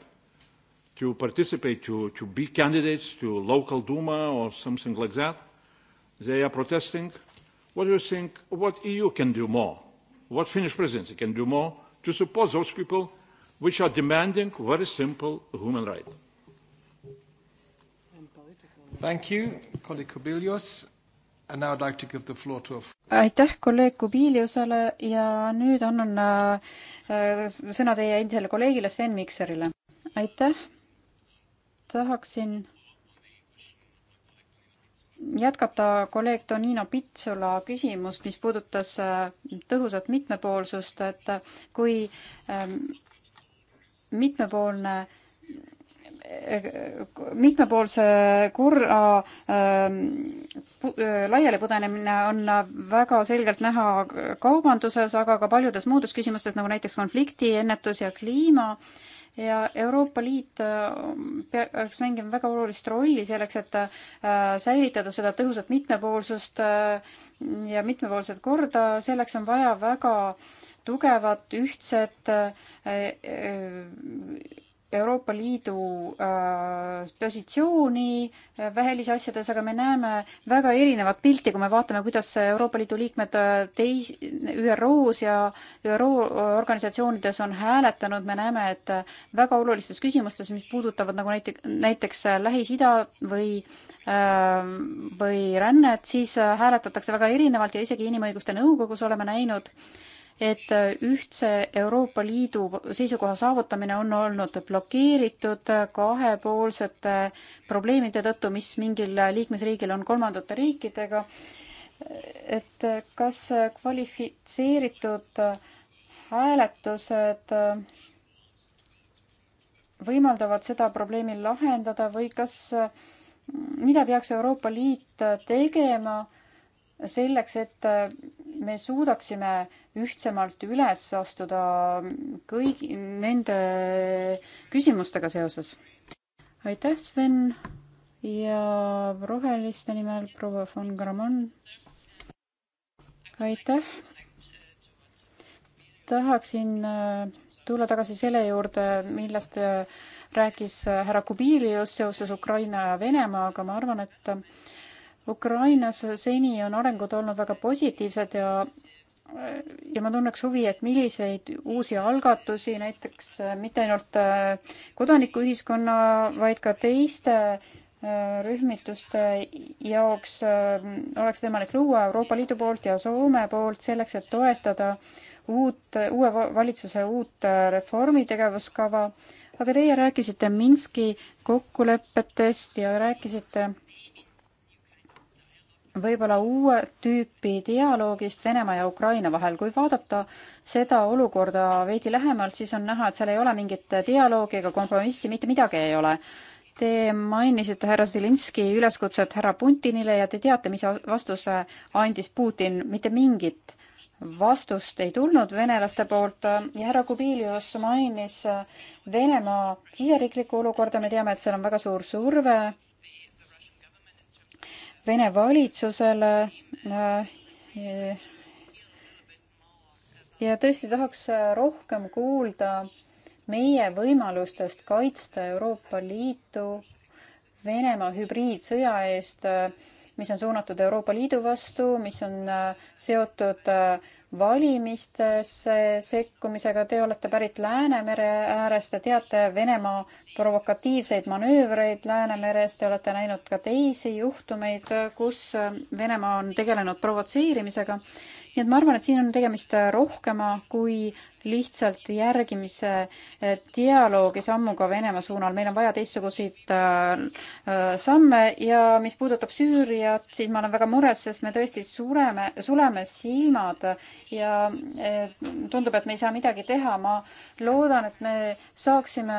S4: to participate, to, to be candidates to local Duma or something like that. They are protesting. What do you think, what EU can do more? What Finnish presidency can do more to support those people which are demanding very simple human right? Thank you, colleague Kubilius. Like
S3: aitäh kolleeg Kubiliusele ja nüüd annan äh, sõna teie endisele kolleegile Sven Mikserile. aitäh. tahaksin jätkata kolleeg Tonino Pitsula küsimust, mis puudutas äh, tõhusat mitmepoolsust, et kui ähm, mitmepoolne äh, mitmepoolse korra ähm, äh, laialipudenemine on väga selgelt näha kaubanduses, aga ka paljudes muudes küsimustes, nagu näiteks konfliktiennetus ja kliima ja Euroopa Liit äh, peaks mängima väga olulist rolli selleks, et äh, säilitada seda tõhusat mitmepoolsust ja mitmepoolset korda, selleks on vaja väga tugevat, ühtset Euroopa Liidu äh, positsiooni äh, välisasjades, aga me näeme väga erinevat pilti, kui me vaatame, kuidas Euroopa Liidu liikmed äh, teis-, ÜRO-s ja ÜRO äh, organisatsioonides on hääletanud, me näeme, et väga olulistes küsimustes, mis puudutavad nagu näite-, näiteks Lähis-Ida või äh, või rännet, siis hääletatakse väga erinevalt ja isegi Inimõiguste Nõukogus oleme näinud äh, et äh, ühtse Euroopa Liidu seisukoha saavutamine on olnud blokeeritud kahepoolsete probleemide tõttu, mis mingil liikmesriigil on kolmandate riikidega. et äh, kas kvalifitseeritud hääletused äh, võimaldavad seda probleemi lahendada või kas, mida peaks Euroopa Liit tegema selleks, et äh, me suudaksime ühtsemalt üles astuda kõigi nende küsimustega seoses. aitäh, Sven ja roheliste nimel proua von Karamann. aitäh. tahaksin äh, tulla tagasi selle juurde, millest äh, rääkis härra Kubilius seoses Ukraina ja Venemaaga, ma arvan, et Ukrainas seni on arengud olnud väga positiivsed ja ja ma tunneks huvi, et milliseid uusi algatusi näiteks äh, mitte ainult äh, kodanikuühiskonna, vaid ka teiste äh, rühmituste jaoks oleks võimalik luua Euroopa Liidu poolt ja Soome poolt selleks, et toetada uut, uue valitsuse uut reformitegevuskava. aga teie rääkisite Minski kokkulepetest ja rääkisite võib-olla uue tüüpi dialoogist Venemaa ja Ukraina vahel. kui vaadata seda olukorda veidi lähemalt, siis on näha, et seal ei ole mingit dialoogi ega kompromissi, mitte midagi ei ole. Te mainisite härra Zelinski üleskutset härra Putinile ja te teate, mis vastuse andis Putin, mitte mingit vastust ei tulnud venelaste poolt ja härra Kubilius mainis Venemaa siseriiklikku olukorda, me teame, et seal on väga suur surve Vene valitsusele. Äh, ja tõesti tahaks rohkem kuulda meie võimalustest kaitsta Euroopa Liitu Venemaa hübriidsõja eest, äh, mis on suunatud Euroopa Liidu vastu, mis on äh, seotud valimistesse sekkumisega, te olete pärit Läänemere äärest ja teate Venemaa provokatiivseid manöövreid Läänemeres, te olete näinud ka teisi juhtumeid, kus Venemaa on tegelenud provotseerimisega. nii et ma arvan, et siin on tegemist rohkema kui lihtsalt järgimise eh, dialoogi sammuga Venemaa suunal, meil on vaja teistsuguseid eh, eh, samme ja mis puudutab Süüriat, siis ma olen väga mures, sest me tõesti sureme, suleme silmad ja tundub, et me ei saa midagi teha. ma loodan, et me saaksime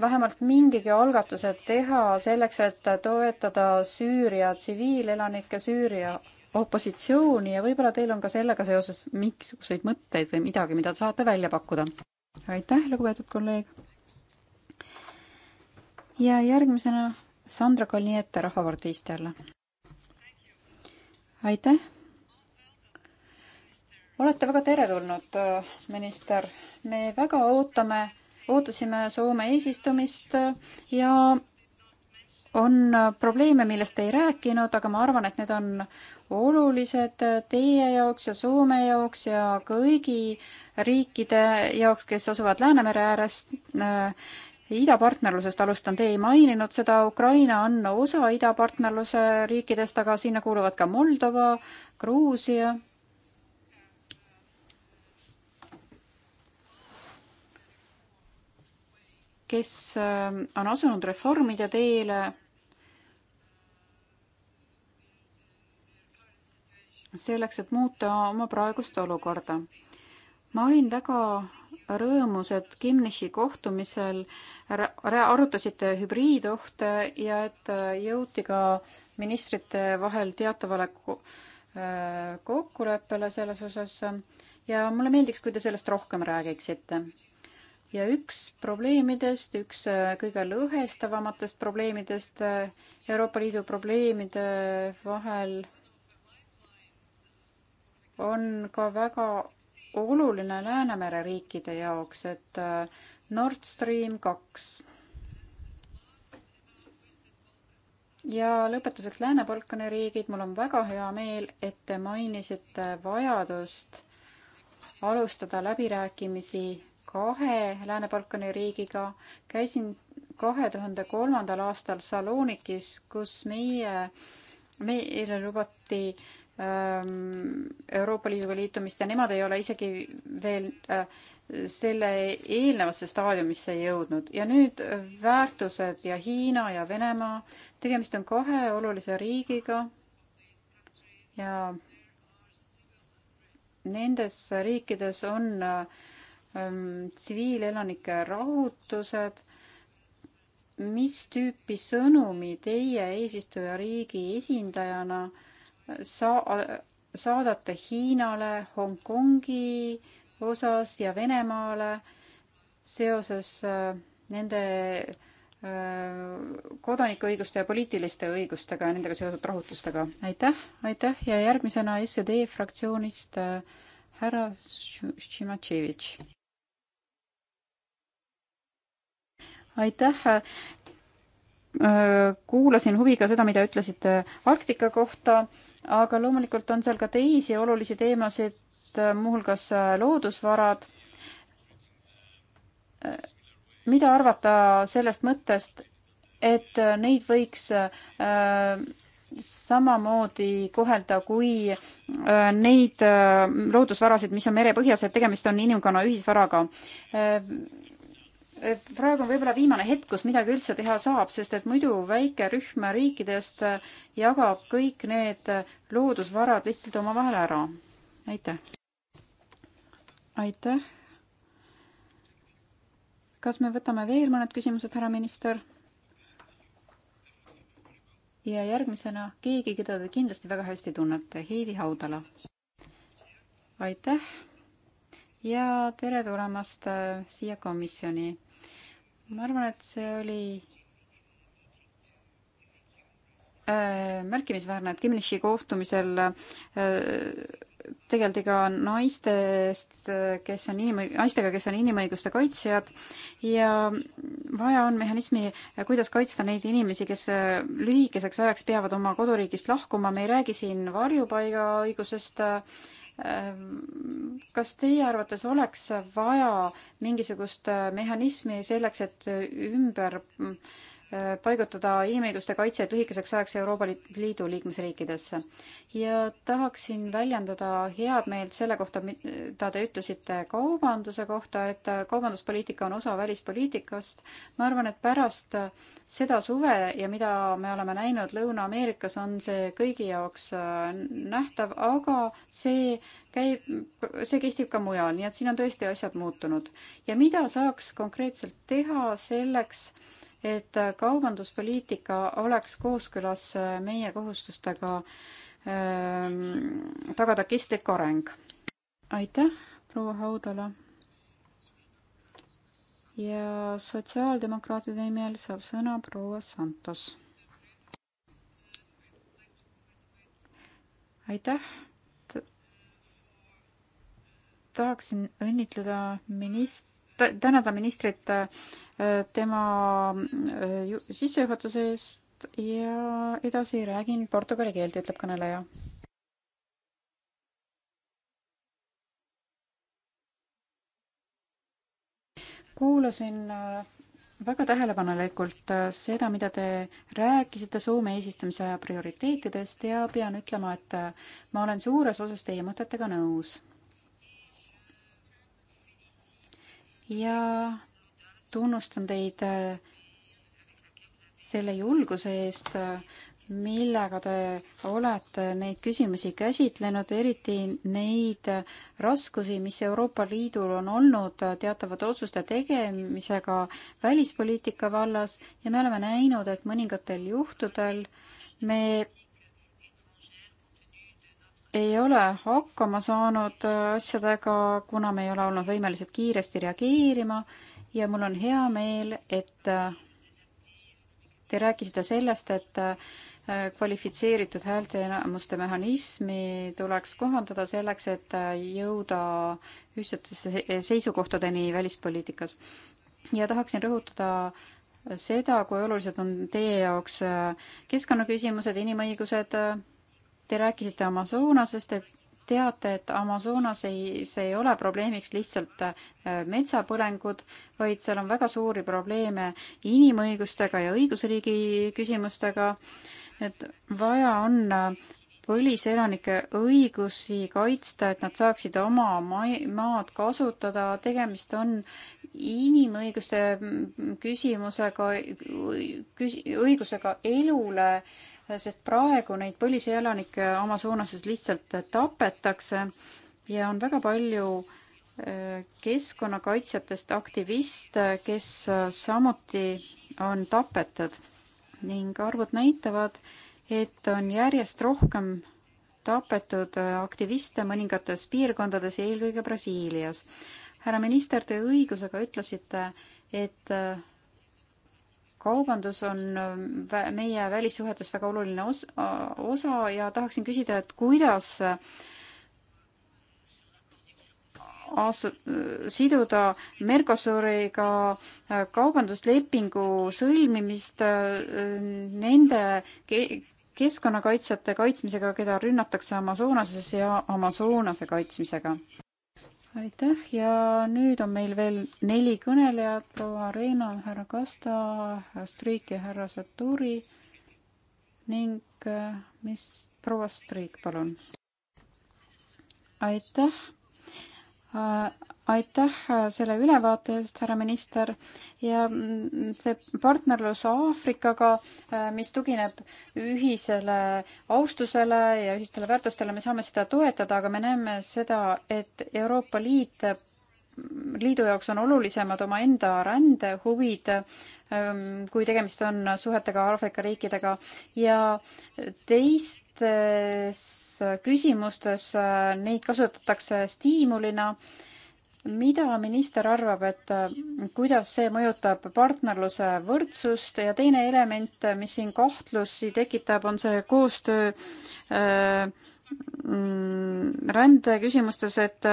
S3: vähemalt mingigi algatuse teha selleks, et toetada Süüria tsiviilelanikke, Süüria opositsiooni ja võib-olla teil on ka sellega seoses mingisuguseid mõtteid või midagi, mida saate välja pakkuda. aitäh, lugupeetud kolleeg. ja järgmisena Sandra Kalniete Rahvaparteist jälle. aitäh. olete väga teretulnud, minister. me väga ootame, ootasime Soome eesistumist ja on probleeme, millest ei rääkinud, aga ma arvan, et need on olulised teie jaoks ja Soome jaoks ja kõigi riikide jaoks, kes asuvad Läänemere äärest. Äh, idapartnerlusest alustan, te ei maininud seda, Ukraina on osa idapartnerluse riikidest, aga sinna kuuluvad ka Moldova, Gruusia. kes äh, on asunud reformide teele selleks, et muuta oma praegust olukorda. ma olin väga rõõmus, et Kimnichi kohtumisel arutasite hübriidohte ja et jõuti ka ministrite vahel teatavale äh, kokkuleppele selles osas ja mulle meeldiks, kui te sellest rohkem räägiksite. ja üks probleemidest, üks äh, kõige lõhestavamatest probleemidest äh, Euroopa Liidu probleemide vahel on ka väga oluline Läänemere riikide jaoks, et äh, Nord Stream kaks. ja lõpetuseks Lääne-Balkani riigid, mul on väga hea meel, et te mainisite vajadust alustada läbirääkimisi kahe Lääne-Balkani riigiga. käisin kahe tuhande kolmandal aastal Salonikis, kus meie, meile lubati äh, Euroopa Liiduga liitumist ja nemad ei ole isegi veel selle eelnevasse staadiumisse jõudnud. ja nüüd väärtused ja Hiina ja Venemaa. tegemist on kahe olulise riigiga ja nendes riikides on tsiviilelanike ähm, rahutused. mis tüüpi sõnumi teie eesistujariigi esindajana äh, saa-, saadate Hiinale, Hongkongi osas ja Venemaale seoses äh, nende äh, kodanikuõiguste ja poliitiliste õigustega ja nendega seotud rahutustega. aitäh, aitäh ja järgmisena SED fraktsioonist äh, härra Šimatševitš. aitäh kuulasin huviga seda, mida ütlesite Arktika kohta aga loomulikult on seal ka teisi olulisi teemasid, muuhulgas äh, loodusvarad. Äh, mida arvata sellest mõttest, et äh, neid võiks samamoodi kohelda kui neid loodusvarasid, mis on merepõhjas, et tegemist on inimkonna ühisvaraga praegu on võib-olla viimane hetk, kus midagi üldse teha saab, sest et muidu väike rühm riikidest äh, jagab kõik need äh, loodusvarad lihtsalt omavahel ära. aitäh. aitäh. kas me võtame veel mõned küsimused, härra minister? ja järgmisena keegi, keda te kindlasti väga hästi tunnete, Heidi Haudala. aitäh ja tere tulemast äh, siia komisjoni ma arvan, et see oli äh, märkimisväärne, et Kimnichi kohtumisel äh, tegeldi ka naistest, kes on inim-, naistega, kes on inimõiguste kaitsjad ja vaja on mehhanismi, kuidas kaitsta neid inimesi, kes äh, lühikeseks ajaks peavad oma koduriigist lahkuma, me ei räägi siin varjupaigaõigusest äh,, Ehm, kas teie arvates oleks vaja mingisugust äh, mehhanismi selleks, et äh, ümber paigutada inimõiguste kaitset lühikeseks ajaks Euroopa Liidu liikmesriikidesse. ja tahaksin väljendada head meelt selle kohta, mida te ütlesite kaubanduse kohta, et kaubanduspoliitika on osa välispoliitikast. ma arvan, et pärast seda suve ja mida me oleme näinud Lõuna-Ameerikas, on see kõigi jaoks äh, nähtav, aga see käib, see kehtib ka mujal, nii et siin on tõesti asjad muutunud. ja mida saaks konkreetselt teha selleks, et kaubanduspoliitika oleks kooskõlas äh, meie kohustustega ähm, tagada kestlik areng. aitäh, proua Haudala. ja sotsiaaldemokraatide nimel saab sõna proua Santos. aitäh tahaksin õnnitleda minist-, tänada ministrit äh, tema äh, sissejuhatuse eest ja edasi räägin portugali keelt, ütleb kõneleja. kuulasin äh, väga tähelepanelikult seda, mida te rääkisite Soome eesistumise aja prioriteetidest ja pean ütlema, et ma olen suures osas teie mõtetega nõus ja tunnustan teid äh, selle julguse eest, äh, millega te olete neid küsimusi käsitlenud, eriti neid äh, raskusi, mis Euroopa Liidul on olnud teatavate otsuste tegemisega välispoliitika vallas ja me oleme näinud, et mõningatel juhtudel me ei ole hakkama saanud äh, asjadega, kuna me ei ole olnud võimelised kiiresti reageerima ja mul on hea meel, et äh, te rääkisite sellest, et äh, kvalifitseeritud häälteenamuste mehhanismi tuleks kohandada selleks, et jõuda ühtsete seisukohtadeni välispoliitikas. ja tahaksin rõhutada seda, kui olulised on teie jaoks keskkonnaküsimused, inimõigused, Te rääkisite Amazonasest, et teate, et Amazonas ei, see ei ole probleemiks lihtsalt äh, metsapõlengud, vaid seal on väga suuri probleeme inimõigustega ja õigusriigi küsimustega. et vaja on äh, põliselanike õigusi kaitsta, et nad saaksid oma maad kasutada, tegemist on inimõiguste mm, küsimusega, küs-, õigusega elule äh, sest praegu neid põliselanikke Amazonases lihtsalt tapetakse ja on väga palju äh, keskkonnakaitsjatest aktiviste, kes äh, samuti on tapetud ning arvud näitavad, et on järjest rohkem tapetud äh, aktiviste mõningates piirkondades ja eelkõige Brasiilias. härra minister, te õigusega ütlesite, et kaubandus on ähm, meie välissuhetes väga oluline os osa ja tahaksin küsida, et kuidas aasta, äh, siduda Mercosuriga äh, kaubanduslepingu sõlmimist äh, nende keskkonnakaitsjate kaitsmisega, keda rünnatakse Amazonases ja Amazonase kaitsmisega aitäh ja nüüd on meil veel neli kõnelejat, proua Reena, härra Kasta, härra Striik ja härra Saturi ning äh, mis, proua Striik, palun. aitäh äh, aitäh äh, selle ülevaate eest, härra minister, ja mm, see partnerlus Aafrikaga, äh, mis tugineb ühisele austusele ja ühistele väärtustele, me saame seda toetada, aga me näeme seda, et Euroopa Liit, mm, liidu jaoks on olulisemad omaenda rändehuvid, ähm, kui tegemist on suhetega Aafrika riikidega ja teist küsimustes äh, neid kasutatakse stiimulina mida minister arvab, et äh, kuidas see mõjutab partnerluse võrdsust ja teine element, äh, mis siin kahtlusi tekitab, on see koostöö äh, mm, rändeküsimustes, et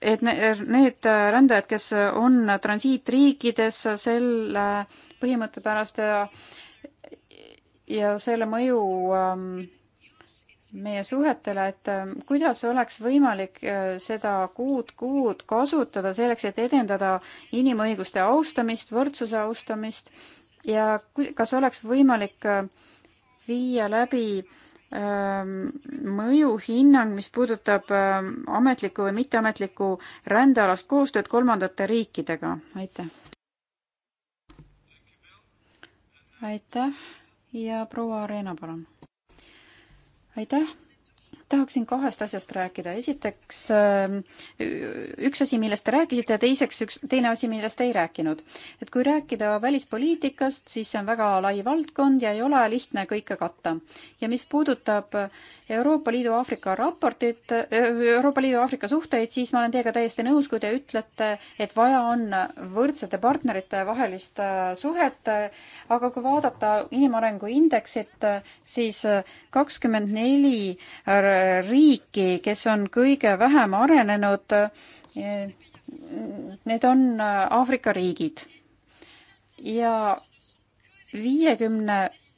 S3: et need rändajad, kes on transiitriikides selle põhimõtte pärast ja ja selle mõju ähm, meie suhetele, et ähm, kuidas oleks võimalik äh, seda kuud kuud kasutada selleks, et edendada inimõiguste austamist, võrdsuse austamist ja kas oleks võimalik äh, viia läbi ähm, mõjuhinnang, mis puudutab ähm, ametlikku või mitteametlikku rändealast koostööd kolmandate riikidega, aitäh. aitäh ja proua Reena, palun aitäh tahaksin kahest asjast rääkida. esiteks ähm, üks asi, millest te rääkisite ja teiseks üks, teine asi, millest ei rääkinud. et kui rääkida välispoliitikast, siis see on väga lai valdkond ja ei ole lihtne kõike katta. ja mis puudutab Euroopa Liidu Aafrika raportit, äh, Euroopa Liidu Aafrika suhteid, siis ma olen teiega täiesti nõus, kui te ütlete, et vaja on võrdsete partnerite vahelist äh, suhet, aga kui vaadata inimarengu indeksit, siis kakskümmend neli riiki, kes on kõige vähem arenenud, need on Aafrika riigid. ja viiekümne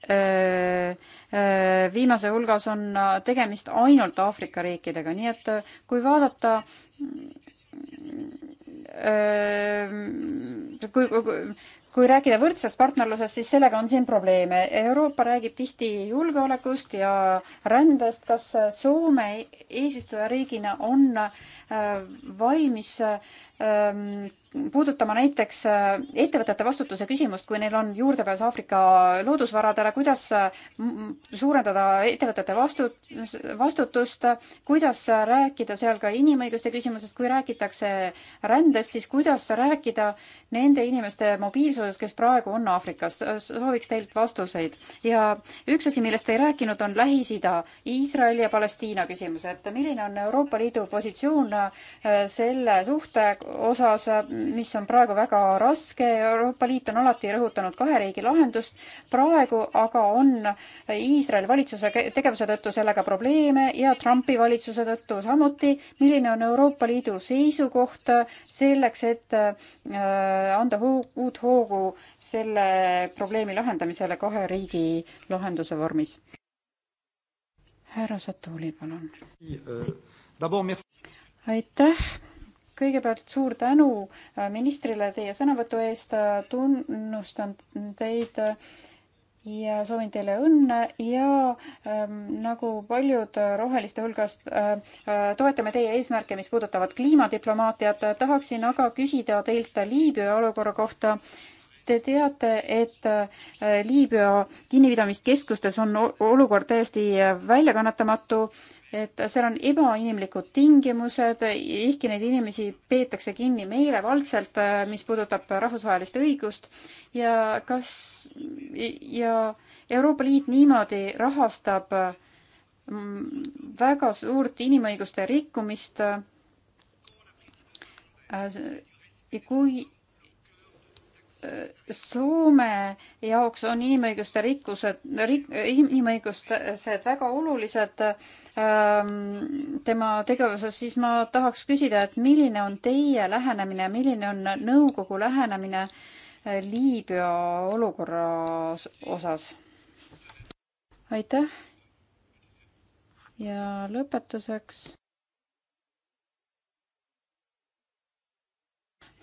S3: äh, äh, viimase hulgas on tegemist ainult Aafrika riikidega, nii et kui vaadata äh, kui, kui, kui rääkida võrdsest partnerlusest, siis sellega on siin probleeme. Euroopa räägib tihti julgeolekust ja rändest. kas Soome eesistujariigina on äh, valmis ähm, puudutama näiteks äh, ettevõtete vastutuse küsimust, kui neil on juurdepääs Aafrika loodusvaradele, kuidas mm, mm, suurendada ettevõtete vastut-, vastutust, kuidas rääkida seal ka inimõiguste küsimusest, kui räägitakse rändest, siis kuidas rääkida nende inimeste mobiilsusest, kes praegu on Aafrikas. sooviks teilt vastuseid. ja üks asi, millest te ei rääkinud, on Lähis-Ida, Iisraeli ja Palestiina küsimus, et milline on Euroopa Liidu positsioon äh, selle suhte osas mis on praegu väga raske, Euroopa Liit on alati rõhutanud kahe riigi lahendust, praegu aga on Iisraeli valitsuse tegevuse tõttu sellega probleeme ja Trumpi valitsuse tõttu samuti. milline on Euroopa Liidu seisukoht selleks, et äh, anda uut hoogu selle probleemi lahendamisele kahe riigi lahenduse vormis? härra Satuli, palun. Äh, äh, aitäh kõigepealt suur tänu äh, ministrile teie sõnavõtu eest, äh, tunnustan teid äh, ja soovin teile õnne ja ähm, nagu paljud roheliste hulgast äh, toetame teie eesmärke, mis puudutavad kliimadiplomaatiat. tahaksin aga küsida teilt Liibüa olukorra kohta. Te teate, et Liibüa kinnipidamiskeskustes on olukord täiesti väljakannatamatu äh, et seal on ebainimlikud tingimused, ehkki neid inimesi peetakse kinni meelevaldselt, mis puudutab rahvusvahelist õigust ja kas ja Euroopa Liit niimoodi rahastab mm, väga suurt inimõiguste rikkumist. ja kui Soome jaoks on inimõiguste rikkused rik,, inimõigused väga olulised ähm, tema tegevuses, siis ma tahaks küsida, et milline on teie lähenemine, milline on nõukogu lähenemine äh, Liibüa olukorra osas? aitäh. ja lõpetuseks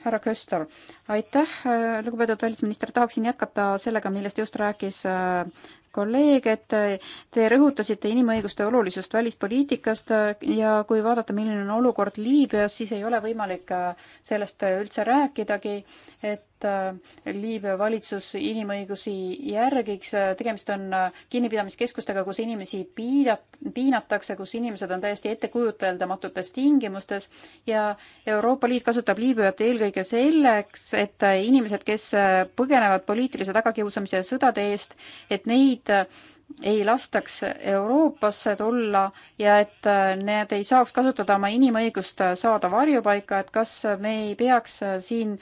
S3: härra Köster, aitäh, äh, lugupeetud välisminister, tahaksin jätkata sellega, millest just rääkis äh, kolleeg, et äh, te rõhutasite inimõiguste olulisust välispoliitikast ja kui vaadata, milline on olukord Liibüas, siis ei ole võimalik sellest üldse rääkidagi, et Äh, Liibüa valitsus inimõigusi järgiks, tegemist on äh, kinnipidamiskeskustega, kus inimesi piidat-, piinatakse, kus inimesed on täiesti ettekujuteldamatutes tingimustes ja Euroopa Liit kasutab Liibüat eelkõige selleks, et äh, inimesed, kes põgenevad poliitilise tagakiusamise ja sõdade eest, et neid ei lastaks Euroopasse tulla ja et äh, need ei saaks kasutada oma inimõigust äh, saada varjupaika, et kas me ei peaks äh, siin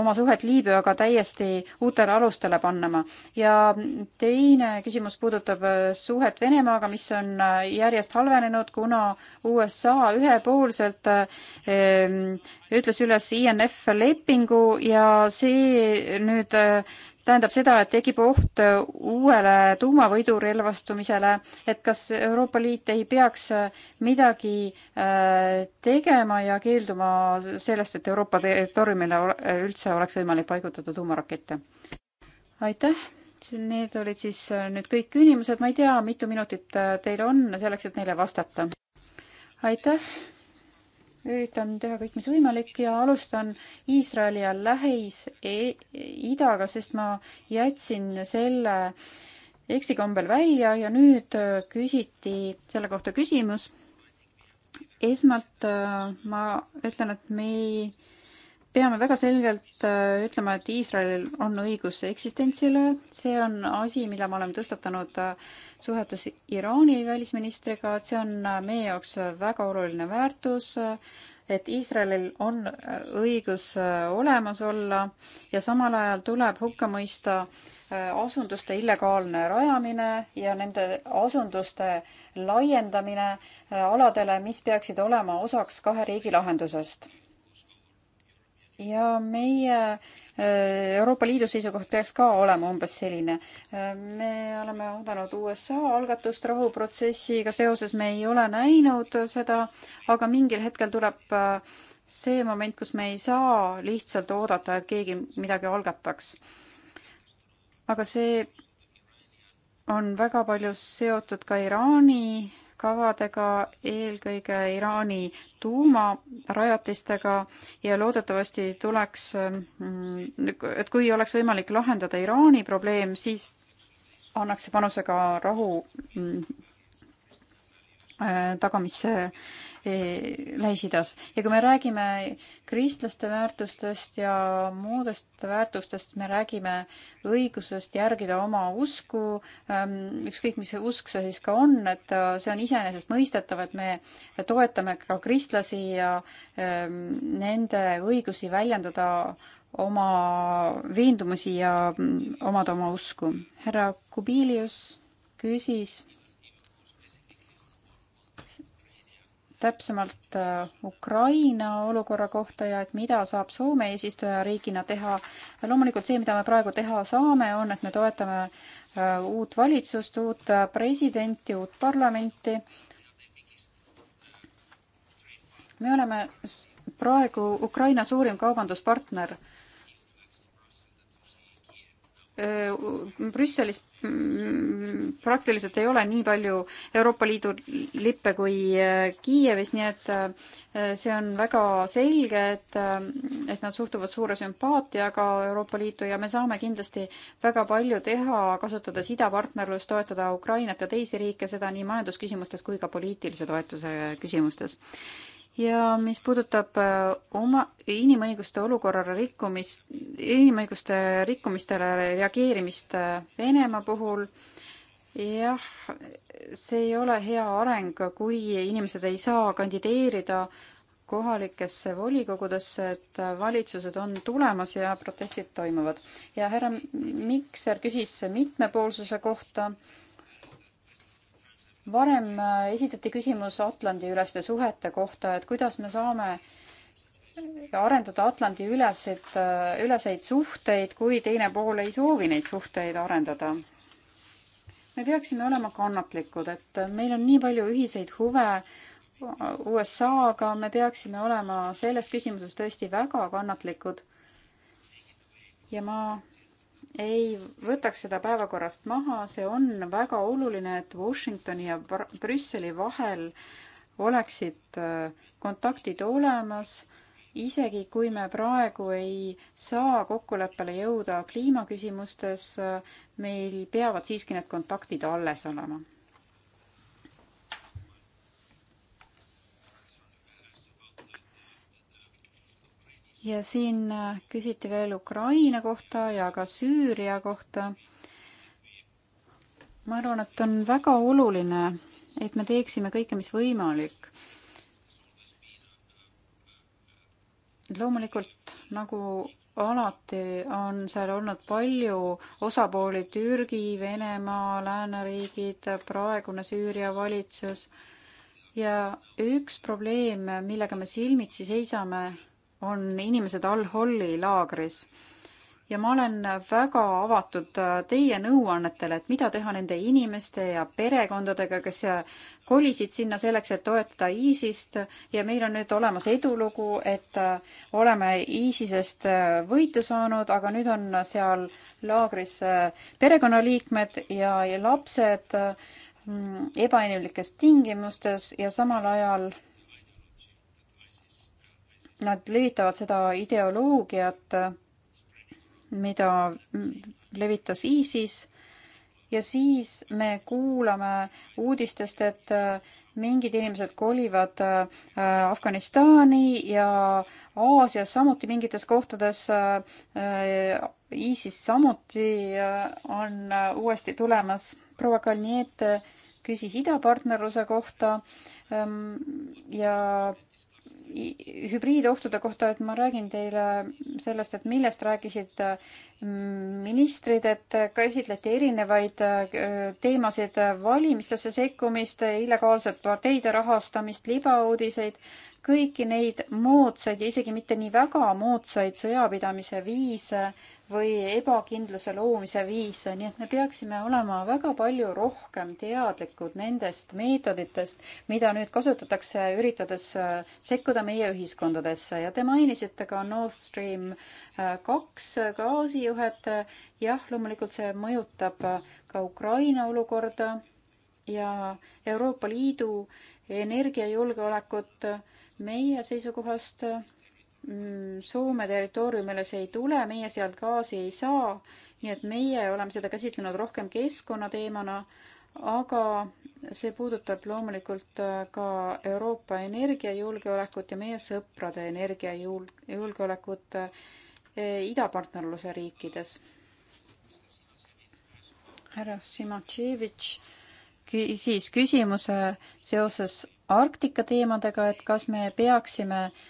S3: oma suhet Liibüaga täiesti uutele alustele panema. ja teine küsimus puudutab suhet Venemaaga, mis on järjest halvenenud, kuna USA ühepoolselt ütles üles INF lepingu ja see nüüd tähendab seda, et tekib oht äh, uuele tuumavõidurelvastumisele, et kas Euroopa Liit ei peaks äh, midagi äh, tegema ja keelduma sellest, et Euroopa territooriumile üldse oleks võimalik paigutada tuumarakette? aitäh, need olid siis nüüd kõik küsimused, ma ei tea, mitu minutit teil on selleks, et neile vastata. aitäh üritan teha kõik, mis võimalik ja alustan Iisraeli ja Lähis-Idaga, e-, sest ma jätsin selle eksikombel välja ja nüüd äh, küsiti selle kohta küsimus. esmalt äh, ma ütlen, et me ei peame väga selgelt äh, ütlema, et Iisraelil on õigus eksistentsile, see on asi, mille me oleme tõstatanud äh, suhetes Iraani välisministriga, et see on äh, meie jaoks väga oluline väärtus, et Iisraelil on õigus olemas olla ja samal ajal tuleb hukka mõista asunduste illegaalne rajamine ja nende asunduste laiendamine aladele, mis peaksid olema osaks kahe riigi lahendusest ja meie äh, Euroopa Liidu seisukoht peaks ka olema umbes selline. Äh, me oleme oodanud USA algatust rahuprotsessiga seoses, me ei ole näinud seda, aga mingil hetkel tuleb äh, see moment, kus me ei saa lihtsalt oodata, et keegi midagi algataks. aga see on väga palju seotud ka Iraani kavadega, eelkõige Iraani tuumarajatistega ja loodetavasti tuleks, mm, et kui oleks võimalik lahendada Iraani probleem, siis annaks see panuse ka rahu mm, Äh, tagamisse e, Lähis-Idas. ja kui me räägime kristlaste väärtustest ja muudest väärtustest, me räägime õigusest järgida oma usku, ähm, ükskõik mis usk see siis ka on, et äh, see on iseenesestmõistetav, et me toetame ka kristlasi ja ähm, nende õigusi väljendada oma veendumusi ja mm, omada oma usku. härra Kubilius küsis täpsemalt äh, Ukraina olukorra kohta ja et mida saab Soome eesistujariigina teha. loomulikult see, mida me praegu teha saame, on, et me toetame äh, uut valitsust, uut äh, presidenti, uut parlamenti. me oleme praegu Ukraina suurim kaubanduspartner Brüsselis mm, praktiliselt ei ole nii palju Euroopa Liidu lippe kui äh, Kiievis, nii et äh, see on väga selge, et, äh, et nad suhtuvad suure sümpaatiaga Euroopa Liitu ja me saame kindlasti väga palju teha, kasutades idapartnerlust, toetada Ukrainat ja teisi riike, seda nii majandusküsimustes kui ka poliitilise toetuse küsimustes ja mis puudutab äh, oma inimõiguste olukorrale rikkumist, inimõiguste rikkumistele reageerimist äh, Venemaa puhul, jah, see ei ole hea areng, kui inimesed ei saa kandideerida kohalikesse volikogudesse, et äh, valitsused on tulemas ja protestid toimuvad. ja härra Mikser küsis mitmepoolsuse kohta varem äh, esitati küsimus Atlandi-üleste suhete kohta, et kuidas me saame arendada Atlandi-üleseid, äh, üleseid suhteid, kui teine pool ei soovi neid suhteid arendada. me peaksime olema kannatlikud, et meil on nii palju ühiseid huve USA-ga, me peaksime olema selles küsimuses tõesti väga kannatlikud. ja ma ei võtaks seda päevakorrast maha, see on väga oluline, et Washingtoni ja Brüsseli vahel oleksid äh, kontaktid olemas, isegi kui me praegu ei saa kokkuleppele jõuda kliimaküsimustes, äh, meil peavad siiski need kontaktid alles olema. ja siin äh, küsiti veel Ukraina kohta ja ka Süüria kohta. ma arvan, et on väga oluline, et me teeksime kõike, mis võimalik. loomulikult nagu alati on seal olnud palju osapooli, Türgi, Venemaa, lääneriigid, praegune Süüria valitsus ja üks probleem, millega me silmitsi seisame, on inimesed Al-Holli laagris ja ma olen väga avatud äh, teie nõuannetele, et mida teha nende inimeste ja perekondadega, kes äh, kolisid sinna selleks, et toetada ISIS-t ja meil on nüüd olemas edulugu, et äh, oleme ISISest võitu saanud, aga nüüd on seal laagris perekonnaliikmed ja, ja lapsed mm, ebainimlikes tingimustes ja samal ajal nad levitavad seda ideoloogiat, mida levitas ISIS ja siis me kuulame uudistest, et äh, mingid inimesed kolivad äh, Afganistani ja Aasias samuti mingites kohtades. Äh, ISIS samuti on uuesti tulemas. proua Kalniete küsis idapartnerluse kohta ähm, ja hübriidohtude kohta, et ma räägin teile sellest, et millest rääkisid mm, ministrid, et käsitleti erinevaid äh, teemasid, valimistesse sekkumist, illegaalset parteide rahastamist, libauudiseid, kõiki neid moodsaid ja isegi mitte nii väga moodsaid sõjapidamise viise või ebakindluse loomise viis, nii et me peaksime olema väga palju rohkem teadlikud nendest meetoditest, mida nüüd kasutatakse, üritades äh, sekkuda meie ühiskondadesse ja te mainisite ka Nord Stream äh, kaks äh, gaasijuhet. jah, loomulikult see mõjutab ka Ukraina olukorda ja Euroopa Liidu energiajulgeolekut meie seisukohast Mm, Soome territooriumile see ei tule, meie sealt gaasi ei saa, nii et meie oleme seda käsitlenud rohkem keskkonnateemana, aga see puudutab loomulikult äh, ka Euroopa energiajulgeolekut ja meie sõprade energiajulgeolekut äh, idapartnerluse riikides. härra Šimatševitš küsis küsimuse seoses Arktika teemadega, et kas me peaksime äh,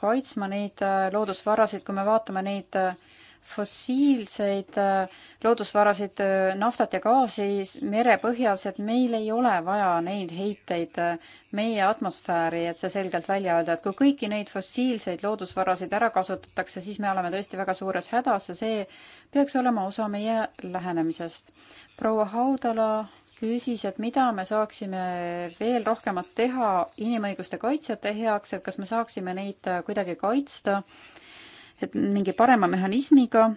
S3: kaitsma neid äh, loodusvarasid, kui me vaatame neid äh, fossiilseid äh, loodusvarasid, naftat ja gaasi merepõhjas, et meil ei ole vaja neid heiteid meie atmosfääri, et see selgelt välja öelda, et kui kõiki neid fossiilseid loodusvarasid ära kasutatakse, siis me oleme tõesti väga suures hädas ja see peaks olema osa meie lähenemisest. proua Haudala küsis, et mida me saaksime veel rohkemat teha inimõiguste kaitsjate heaks, et kas me saaksime neid äh, kuidagi kaitsta, et mingi parema mehhanismiga.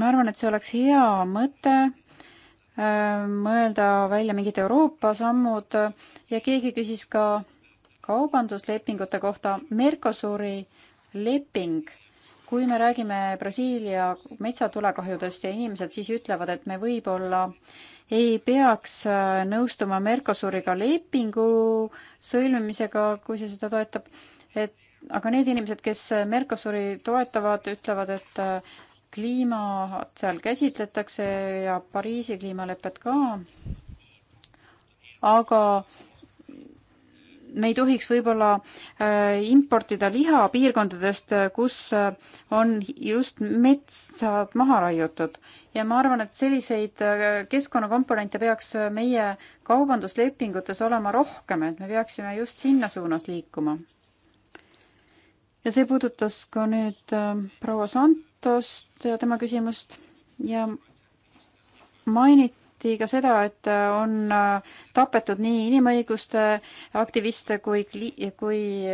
S3: ma arvan, et see oleks hea mõte äh, mõelda välja mingid Euroopa sammud ja keegi küsis ka kaubanduslepingute kohta Mercosuri leping kui me räägime Brasiilia metsatulekahjudest ja inimesed siis ütlevad, et me võib-olla äh, ei peaks äh, nõustuma Mercosuriga lepingu sõlmimisega, kui see seda toetab, et aga need inimesed, kes Mercosuri toetavad, ütlevad, et äh, kliima seal käsitletakse ja Pariisi kliimalepet ka, aga me ei tohiks võib-olla äh, importida liha piirkondadest, äh, kus äh, on just metsad maha raiutud. ja ma arvan, et selliseid keskkonnakomponente peaks meie kaubanduslepingutes olema rohkem, et me peaksime just sinna suunas liikuma. ja see puudutas ka nüüd proua Santost ja tema küsimust ja mainiti mainiti ka seda, et äh, on äh, tapetud nii inimõiguste aktiviste kui, kui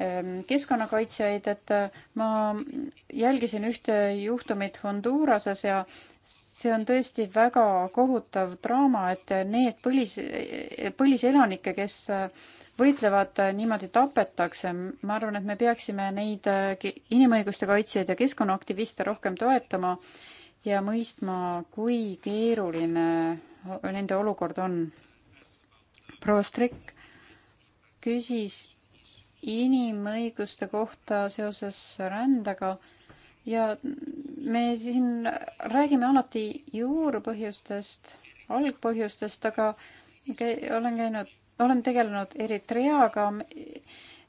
S3: ähm, keskkonnakaitsjaid, et äh, ma jälgisin ühte juhtumit Honduras'es ja see on tõesti väga kohutav draama, et need põlis, põliselanikke, kes võitlevad, niimoodi tapetakse. ma arvan, et me peaksime neid inimõiguste kaitsjaid ja keskkonnaaktiviste rohkem toetama ja mõistma, kui keeruline nende olukord on. proua Strik küsis inimõiguste kohta seoses rändega ja me siin räägime alati juurpõhjustest, algpõhjustest, aga olen käinud, olen tegelenud Eritreaga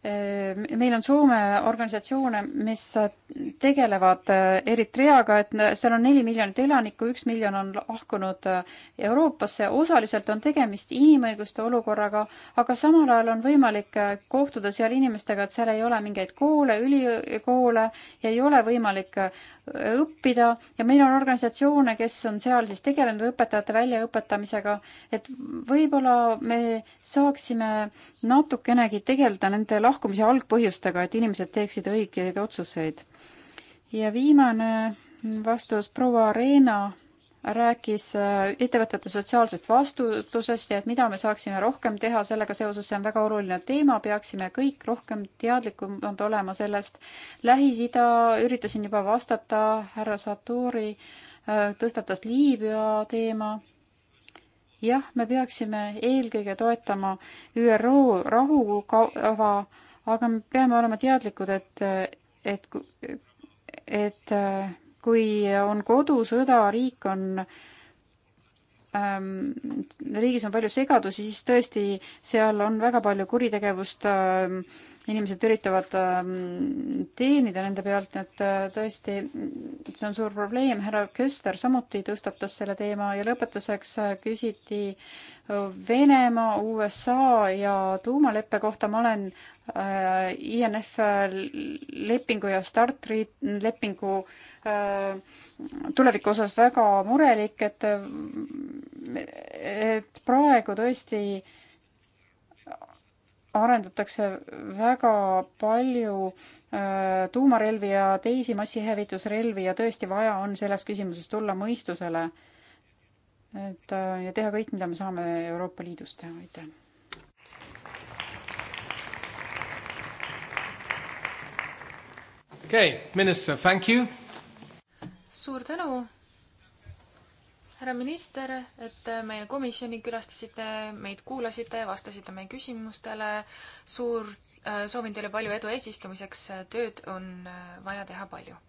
S3: Ehm, meil on Soome organisatsioone, mis tegelevad äh, Eritreaga, et seal on neli miljonit elanikku, üks miljon on lahkunud äh, Euroopasse, osaliselt on tegemist inimõiguste olukorraga, aga samal ajal on võimalik äh, kohtuda seal inimestega, et seal ei ole mingeid koole, ülikoole ja ei ole võimalik õppida ja meil on organisatsioone, kes on seal siis tegelenud õpetajate väljaõpetamisega, et võib-olla me saaksime natukenegi tegeleda nende lahkumise algpõhjustega, et inimesed teeksid õigeid otsuseid. ja viimane vastus, proua Reena rääkis äh, ettevõtete sotsiaalsest vastutusest ja et mida me saaksime rohkem teha sellega seoses, see on väga oluline teema, peaksime kõik rohkem teadlikumad olema sellest. Lähis-Ida, üritasin juba vastata, härra Saturi äh, tõstatas Liibüa teema jah, me peaksime eelkõige toetama ÜRO rahukava, aga me peame olema teadlikud, et, et, et äh, kui on kodusõda, riik on ähm, riigis on palju segadusi, siis tõesti seal on väga palju kuritegevust ähm, inimesed üritavad ähm, teenida nende pealt, et äh, tõesti, see on suur probleem. härra Köster samuti tõstatas selle teema ja lõpetuseks äh, küsiti äh, Venemaa, USA ja tuumaleppe kohta. ma olen äh, INF lepingu ja Start lepingu äh, tuleviku osas väga murelik, et, et praegu tõesti äh, arendatakse väga palju äh, tuumarelvi ja teisi massihävitusrelvi ja tõesti vaja on selles küsimuses tulla mõistusele. et äh, ja teha kõik, mida me saame Euroopa Liidus teha, aitäh.
S4: okei okay,, minister, thank you.
S1: suur tänu härra minister, et meie komisjoni külastasite, meid kuulasite, vastasite meie küsimustele. suur, äh, soovin teile palju edu eesistumiseks, tööd on äh, vaja teha palju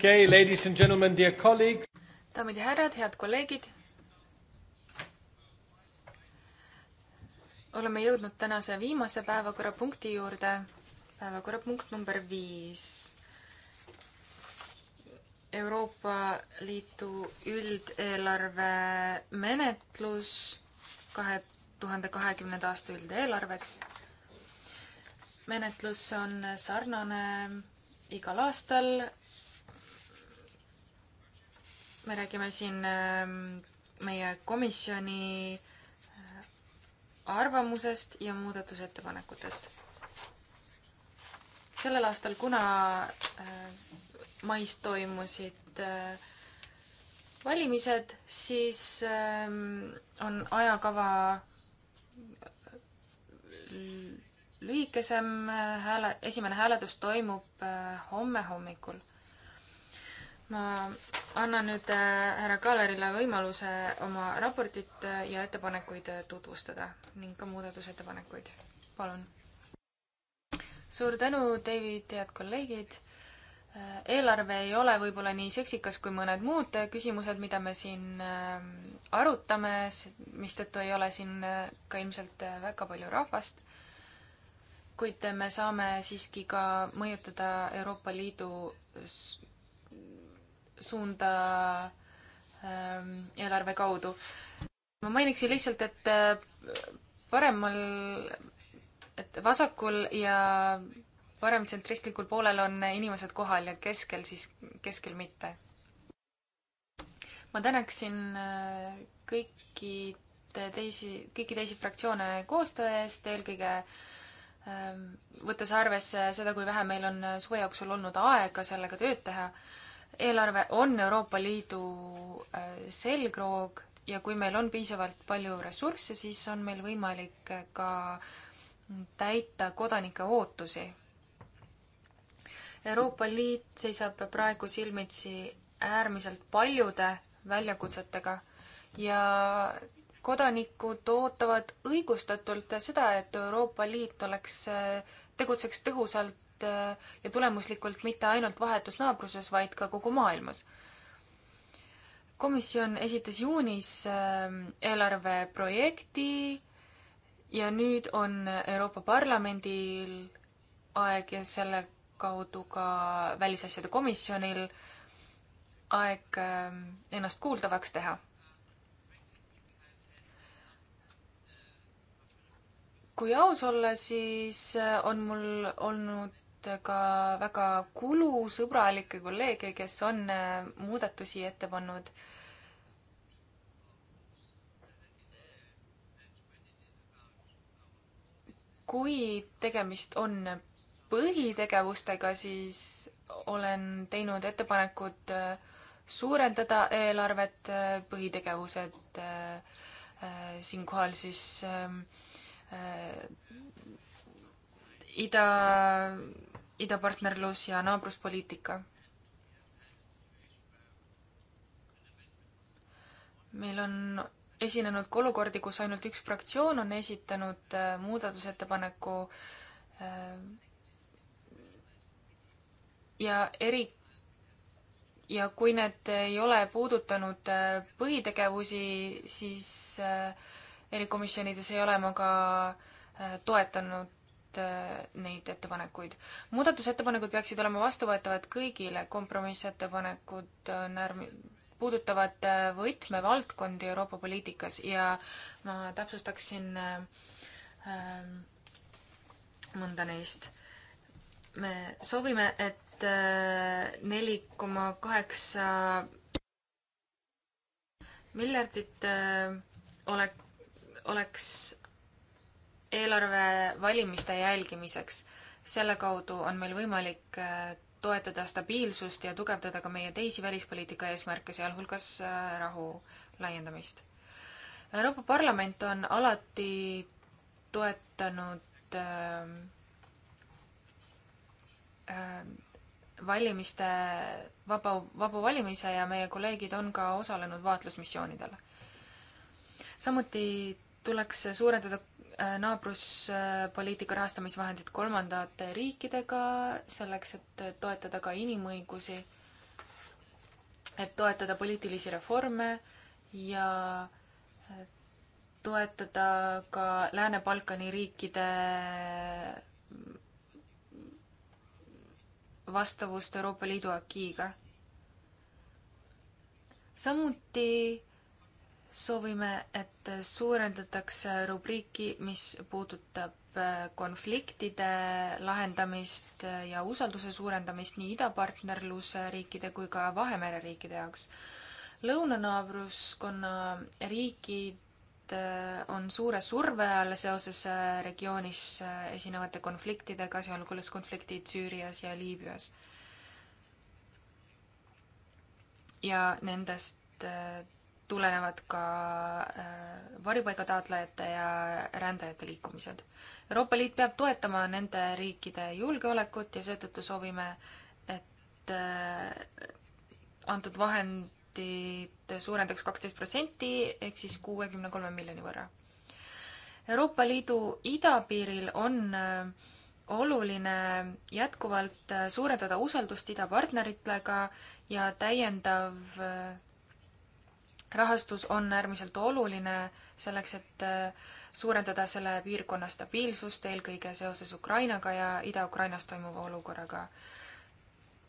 S4: Okay, ladies and gentlemen, dear colleagues.
S1: daamid ja härrad, head kolleegid. oleme jõudnud tänase viimase päevakorrapunkti juurde. päevakorrapunkt number viis. Euroopa Liidu üldeelarve menetlus kahe tuhande kahekümnenda aasta üldeelarveks. menetlus on sarnane igal aastal me räägime siin ähm, meie komisjoni äh, arvamusest ja muudatusettepanekutest. sellel aastal, kuna äh, mais toimusid äh, valimised, siis ähm, on ajakava lühikesem hääle, esimene hääletus toimub homme hommikul ma annan nüüd äh, härra Kallerile võimaluse oma raportit äh, ja ettepanekuid äh, tutvustada ning ka muudatusettepanekuid. palun. suur tänu, David, head kolleegid. eelarve ei ole võib-olla nii seksikas kui mõned muud küsimused, mida me siin arutame, mistõttu ei ole siin ka ilmselt väga palju rahvast kuid me saame siiski ka mõjutada Euroopa Liidu suunda ähm, eelarve kaudu. ma mainiksin lihtsalt, et äh, paremal, et vasakul ja parem tsentristlikul poolel on inimesed kohal ja keskel siis, keskel mitte. ma tänaksin äh, kõiki teisi, kõiki teisi fraktsioone koostöö eest, eelkõige ähm, võttes arvesse seda, kui vähe meil on suve jooksul olnud aega sellega tööd teha eelarve on Euroopa Liidu äh, selgroog ja kui meil on piisavalt palju ressursse, siis on meil võimalik äh, ka täita kodanike ootusi. Euroopa Liit seisab praegu silmitsi äärmiselt paljude väljakutsetega ja kodanikud ootavad õigustatult seda, et Euroopa Liit oleks, äh, tegutseks tõhusalt tõhusalt äh, ja tulemuslikult mitte ainult vahetus naabruses, vaid ka kogu maailmas. komisjon esitas juunis äh, eelarveprojekti ja nüüd on Euroopa Parlamendil aeg ja selle kaudu ka Välisasjade Komisjonil aeg äh, ennast kuuldavaks teha. kui aus olla, siis on mul olnud ka väga kulusõbralikke kolleege, kes on äh, muudatusi ette pannud. kui tegemist on põhitegevustega, siis olen teinud ettepanekud äh, suurendada eelarvet, äh, põhitegevused siinkohal siis ida, idapartnerlus ja naabruspoliitika. meil on esinenud ka olukordi, kus ainult üks fraktsioon on esitanud äh, muudatusettepaneku äh, ja eri, ja kui need ei ole puudutanud äh, põhitegevusi, siis erikomisjonides ei ole ma ka toetanud toetavad äh, neid ettepanekuid. muudatusettepanekud peaksid olema vastuvõetavad kõigile, kompromissettepanekud on äh, äärm-, puudutavad äh, võtmevaldkondi Euroopa poliitikas ja ma täpsustaksin mõnda neist. me soovime, et neli koma kaheksa miljardit ole, oleks eelarve valimiste jälgimiseks. selle kaudu on meil võimalik äh, toetada stabiilsust ja tugevdada ka meie teisi välispoliitika eesmärke, sealhulgas äh, rahu laiendamist. Euroopa Parlament on alati toetanud äh, äh, valimiste, vaba, vaba valimise ja meie kolleegid on ka osalenud vaatlusmissioonidel. samuti tuleks suurendada Äh, naabruspoliitika rahastamisvahendid kolmandate riikidega selleks, et toetada ka inimõigusi, et toetada poliitilisi reforme ja äh, toetada ka Lääne-Balkani riikide mm, vastavust Euroopa Liidu akiiga. samuti soovime, et suurendatakse rubriiki, mis puudutab äh, konfliktide lahendamist ja usalduse suurendamist nii idapartnerluse riikide kui ka Vahemere riikide jaoks. lõunanaabruskonna riigid äh, on suure surve all seoses äh, regioonis esinevate konfliktidega, sealhulgas konfliktid Süürias ja Liibüas. ja nendest tulenevad ka äh, varjupaigataotlejate ja rändajate liikumised. Euroopa Liit peab toetama nende riikide julgeolekut ja seetõttu soovime, et äh, antud vahendid suurendaks kaksteist protsenti ehk siis kuuekümne kolme miljoni võrra. Euroopa Liidu idapiiril on äh, oluline jätkuvalt suurendada usaldust idapartneritega ja täiendav rahastus on äärmiselt oluline selleks, et äh, suurendada selle piirkonna stabiilsust, eelkõige seoses Ukrainaga ja Ida-Ukrainas toimuva olukorraga.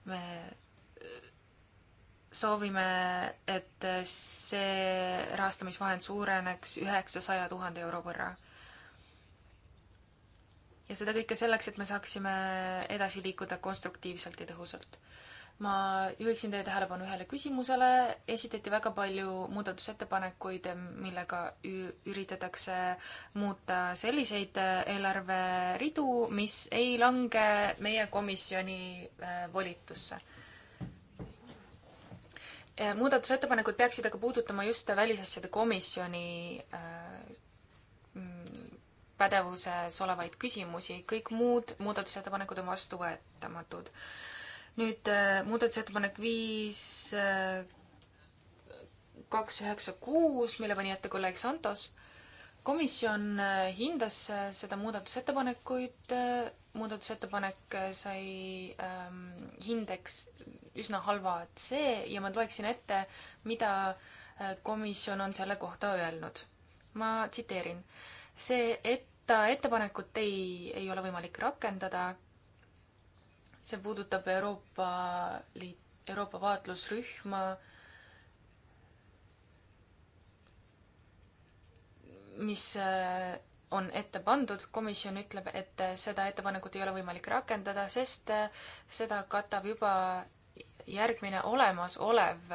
S1: me äh, soovime, et äh, see rahastamisvahend suureneks üheksasaja tuhande euro võrra. ja seda kõike selleks, et me saaksime edasi liikuda konstruktiivselt ja tõhusalt ma juhiksin teie tähelepanu ühele küsimusele, esitati väga palju muudatusettepanekuid, millega üritatakse muuta selliseid äh, eelarveridu, mis ei lange meie komisjoni äh, volitusse muudatusettepanekud peaksid aga puudutama just välisasjade komisjoni äh, pädevuses olevaid küsimusi, kõik muud muudatusettepanekud on vastuvõetamatud nüüd äh, muudatusettepanek viis, äh, kaks, üheksa, kuus, mille pani ette kolleeg Santos. komisjon äh, hindas seda muudatusettepanekuid, muudatusettepanek sai ähm, hindeks üsna halva C ja ma loeksin ette, mida komisjon on selle kohta öelnud. ma tsiteerin. see, et ettepanekut ei, ei ole võimalik rakendada see puudutab Euroopa Liit, Euroopa vaatlusrühma, mis äh, on ette pandud, komisjon ütleb, et äh, seda ettepanekut ei ole võimalik rakendada, sest äh, seda katab juba järgmine olemasolev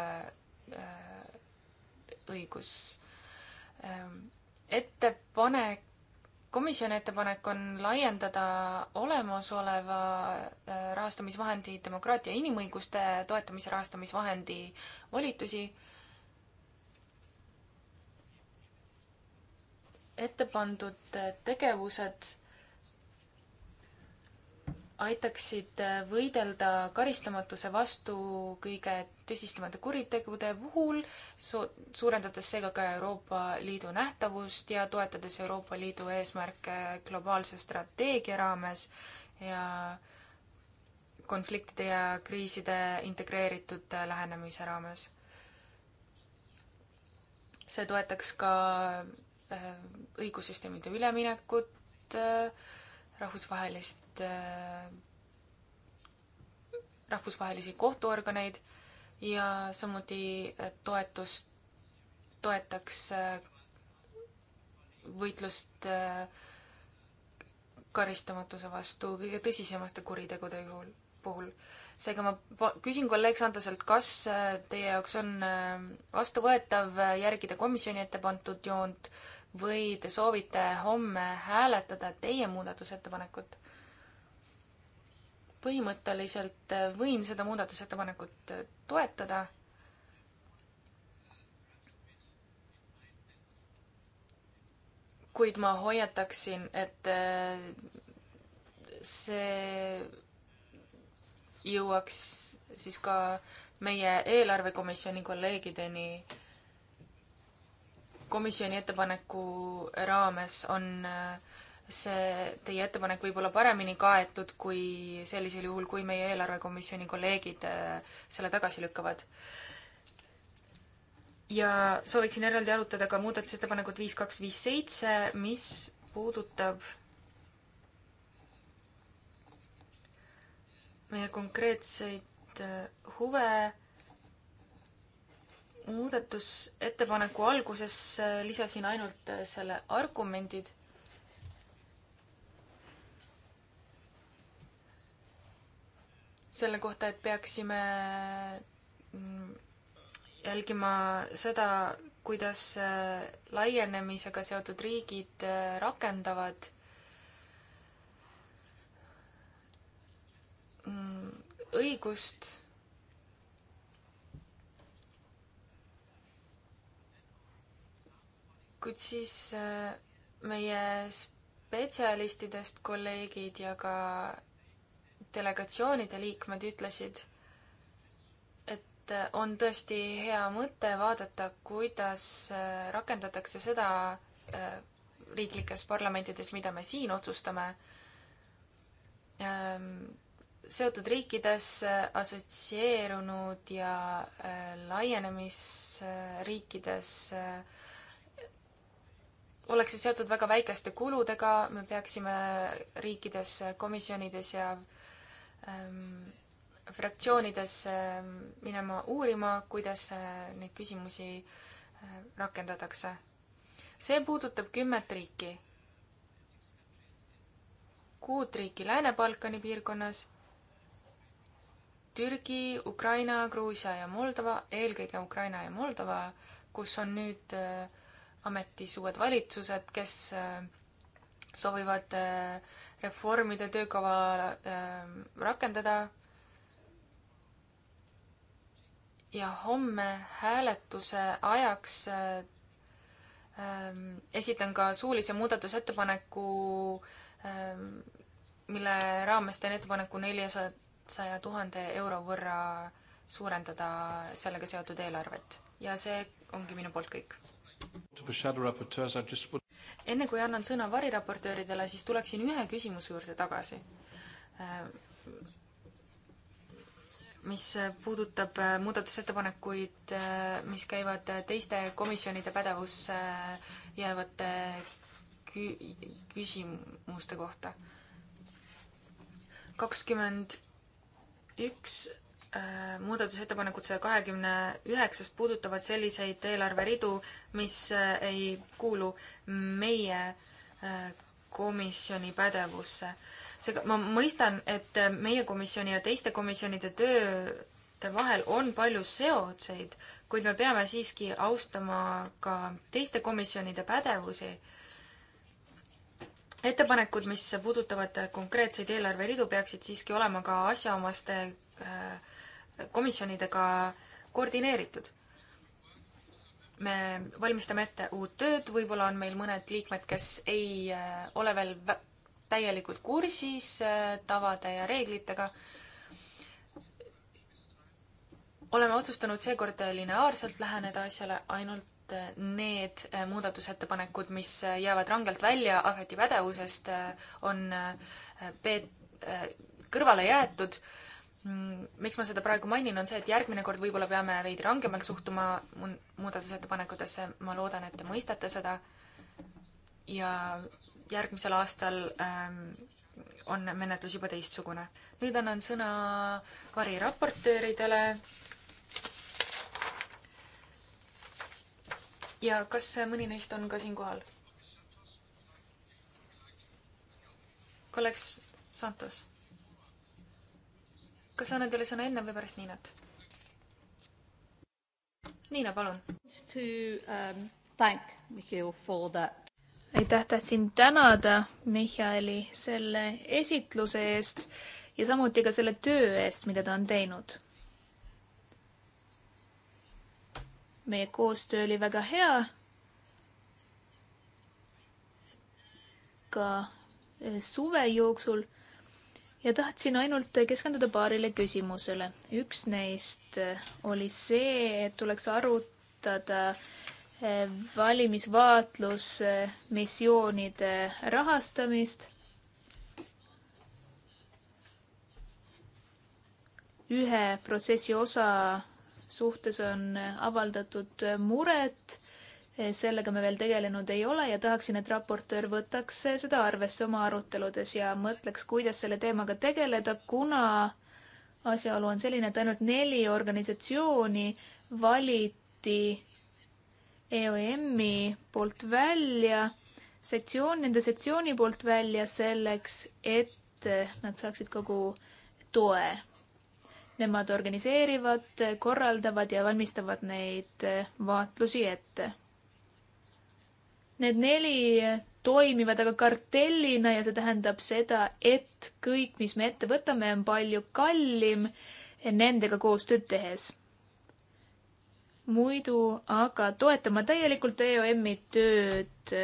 S1: õigus. Ähm, ettepanek komisjoni ettepanek on laiendada olemasoleva äh, rahastamisvahendi, demokraatia ja inimõiguste toetamise rahastamisvahendi volitusi. ette pandud tegevused aitaksid äh, võidelda karistamatuse vastu kõige tõsistemate kuritegude puhul, suurendades seega ka Euroopa Liidu nähtavust ja toetades Euroopa Liidu eesmärke globaalse strateegia raames ja konfliktide ja kriiside integreeritud äh, lähenemise raames. see toetaks ka äh, õigussüsteemide üleminekut, rahvusvahelist neid äh, rahvusvahelisi kohtuorganeid ja samuti äh, toetust, toetaks äh, võitlust karistamatuse vastu kõige tõsisemate kuritegude juhul, puhul. seega ma küsin kolleeg Santoselt, kas teie jaoks on vastuvõetav järgida komisjoni ette pandud joont või te soovite homme hääletada teie muudatusettepanekut? põhimõtteliselt äh, võin seda muudatusettepanekut äh, toetada. kuid ma hoiataksin, et äh, see jõuaks siis ka meie eelarvekomisjoni kolleegideni komisjoni ettepaneku raames on äh, see teie ettepanek võib olla paremini kaetud kui sellisel juhul, kui meie eelarvekomisjoni kolleegid äh, selle tagasi lükkavad. ja sooviksin eraldi arutada ka muudatusettepanekut viis, kaks, viis, seitse, mis puudutab meie konkreetseid äh, huve. muudatusettepaneku alguses äh, lisasin ainult selle argumendid selle kohta, et peaksime mm, jälgima seda, kuidas äh, laienemisega seotud riigid äh, rakendavad mm, õigust kuid siis äh, meie spetsialistidest kolleegid ja ka delegatsioonide liikmed ütlesid, et on tõesti hea mõte vaadata, kuidas äh, rakendatakse seda äh, riiklikes parlamentides, mida me siin otsustame. Ähm, seotud riikides äh, assotsieerunud ja laienemisriikides oleks see seotud väga väikeste kuludega, me peaksime riikides, komisjonides ja äh, Ehm, fraktsioonides ehm, minema uurima, kuidas äh, neid küsimusi äh, rakendatakse. see puudutab kümmet riiki. kuut riiki Lääne-Balkani piirkonnas, Türgi, Ukraina, Gruusia ja Moldova, eelkõige Ukraina ja Moldova, kus on nüüd äh, ametis uued valitsused, kes soovivad äh, reformide töökava äh, rakendada. ja homme hääletuse ajaks äh, esitan ka suulise muudatusettepaneku, mille raames teen ettepaneku neljasaja tuhande euro võrra suurendada sellega seotud eelarvet ja see ongi minu poolt kõik enne kui annan sõna variraportööridele, siis tuleksin ühe küsimuse juurde tagasi, mis puudutab äh, muudatusettepanekuid, äh, mis käivad teiste komisjonide pädevusse äh, jäävate kü-, küsimuste kohta. kakskümmend üks Äh, muudatusettepanekud saja kahekümne üheksast puudutavad selliseid eelarveridu, mis äh, ei kuulu meie äh, komisjoni pädevusse. seega ma mõistan, et meie komisjoni ja teiste komisjonide tööde vahel on palju seoseid, kuid me peame siiski austama ka teiste komisjonide pädevusi. ettepanekud, mis puudutavad konkreetseid eelarveridu, peaksid siiski olema ka asjaomaste äh, komisjonidega koordineeritud. me valmistame ette uut tööd, võib-olla on meil mõned liikmed, kes ei äh, ole veel täielikult kursis äh, tavade ja reeglitega. oleme otsustanud seekord lineaarselt läheneda asjale, ainult äh, need muudatusettepanekud, mis jäävad rangelt välja ahveti pädevusest, on peet-, kõrvale jäetud Mm, miks ma seda praegu mainin, on see, et järgmine kord võib-olla peame veidi rangemalt suhtuma muudatusettepanekutesse, ma loodan, et te mõistate seda. ja järgmisel aastal ähm, on menetlus juba teistsugune. nüüd annan sõna variraportööridele. ja kas mõni neist on ka siinkohal? kolleeg Santos kas annan teile sõna ennem või pärast Niinat?
S3: Niina, palun. Um,
S2: aitäh, tahtsin tänada Michali selle esitluse eest ja samuti ka selle töö eest, mida ta on teinud. meie koostöö oli väga hea. ka suve jooksul ja tahtsin ainult keskenduda paarile küsimusele. üks neist oli see, et tuleks arutada eh, valimisvaatlusmissioonide eh, rahastamist. ühe protsessi osa suhtes on avaldatud muret Eh, sellega me veel tegelenud ei ole ja tahaksin, et raportöör võtaks eh, seda arvesse oma aruteludes ja mõtleks, kuidas selle teemaga tegeleda, kuna asjaolu on selline, et ainult neli organisatsiooni valiti EOM-i poolt välja, sektsioon, nende sektsiooni poolt välja selleks, et eh, nad saaksid kogu toe. Nemad organiseerivad, korraldavad ja valmistavad neid vaatlusi ette Need neli toimivad aga kartellina ja see tähendab seda, et kõik, mis me ette võtame, on palju kallim nendega koostööd tehes. muidu aga toetama täielikult EOM-i tööd.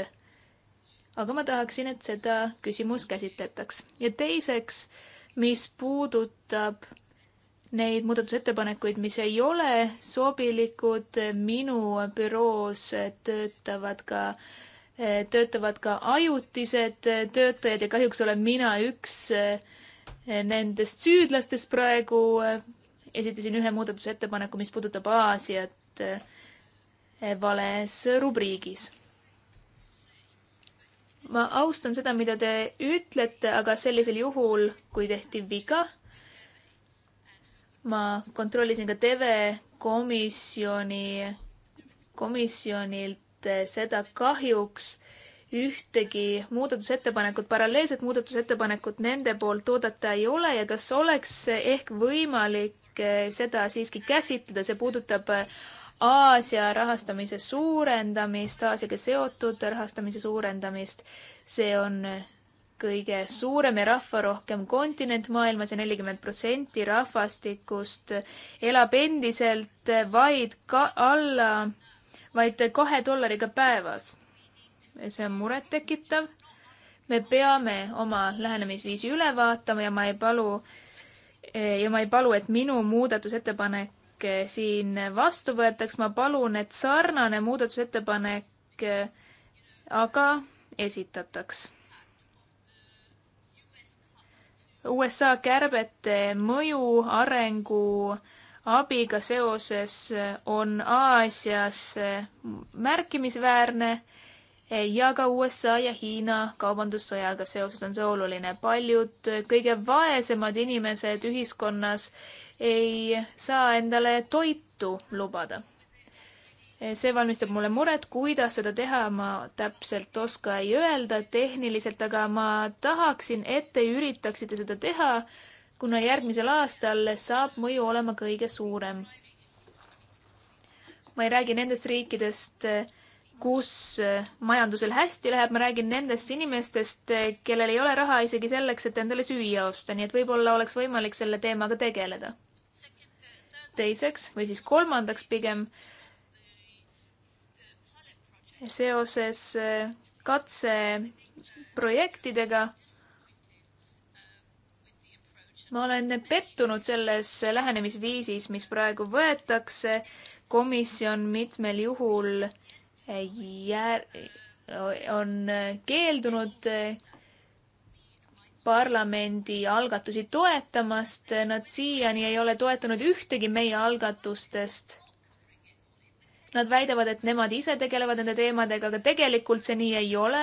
S2: aga ma tahaksin, et seda küsimust käsitletaks. ja teiseks, mis puudutab neid muudatusettepanekuid, mis ei ole sobilikud. minu büroos töötavad ka, töötavad ka ajutised töötajad ja kahjuks olen mina üks eh, nendest süüdlastest praegu. esitasin ühe muudatusettepaneku, mis puudutab Aasiat eh, vales rubriigis. ma austan seda, mida te ütlete, aga sellisel juhul, kui tehti viga ma kontrollisin ka TV komisjoni, komisjonilt eh, seda kahjuks ühtegi muudatusettepanekut, paralleelset muudatusettepanekut nende poolt oodata ei ole ja kas oleks ehk võimalik eh, seda siiski käsitleda, see puudutab eh, Aasia rahastamise suurendamist, Aasiaga seotud rahastamise suurendamist. see on kõige suurem ja rahvarohkem kontinent maailmas ja nelikümmend protsenti rahvastikust elab endiselt vaid ka alla, vaid kahe dollariga päevas. see on murettekitav. me peame oma lähenemisviisi üle vaatama ja ma ei palu ja ma ei palu, et minu muudatusettepanek siin vastu võetaks, ma palun, et sarnane muudatusettepanek aga esitataks USA kärbete mõju arengu abiga seoses on Aasias märkimisväärne ja ka USA ja Hiina kaubandussõjaga seoses on see oluline. paljud kõige vaesemad inimesed ühiskonnas ei saa endale toitu lubada. Eh, see valmistab mulle muret, kuidas seda teha, ma täpselt oska ei öelda tehniliselt, aga ma tahaksin, et te üritaksite seda teha, kuna järgmisel aastal saab mõju olema kõige suurem. ma ei räägi nendest riikidest, kus eh, majandusel hästi läheb, ma räägin nendest inimestest, eh, kellel ei ole raha isegi selleks, et endale süüa osta, nii et võib-olla oleks võimalik selle teemaga tegeleda. teiseks või siis kolmandaks pigem seoses eh, katseprojektidega. ma olen pettunud selles lähenemisviisis, mis praegu võetakse. komisjon mitmel juhul eh, jär-, on eh, keeldunud parlamendi algatusi toetamast, nad siiani ei ole toetanud ühtegi meie algatustest Nad väidavad, et nemad ise tegelevad nende teemadega, aga tegelikult see nii ei ole.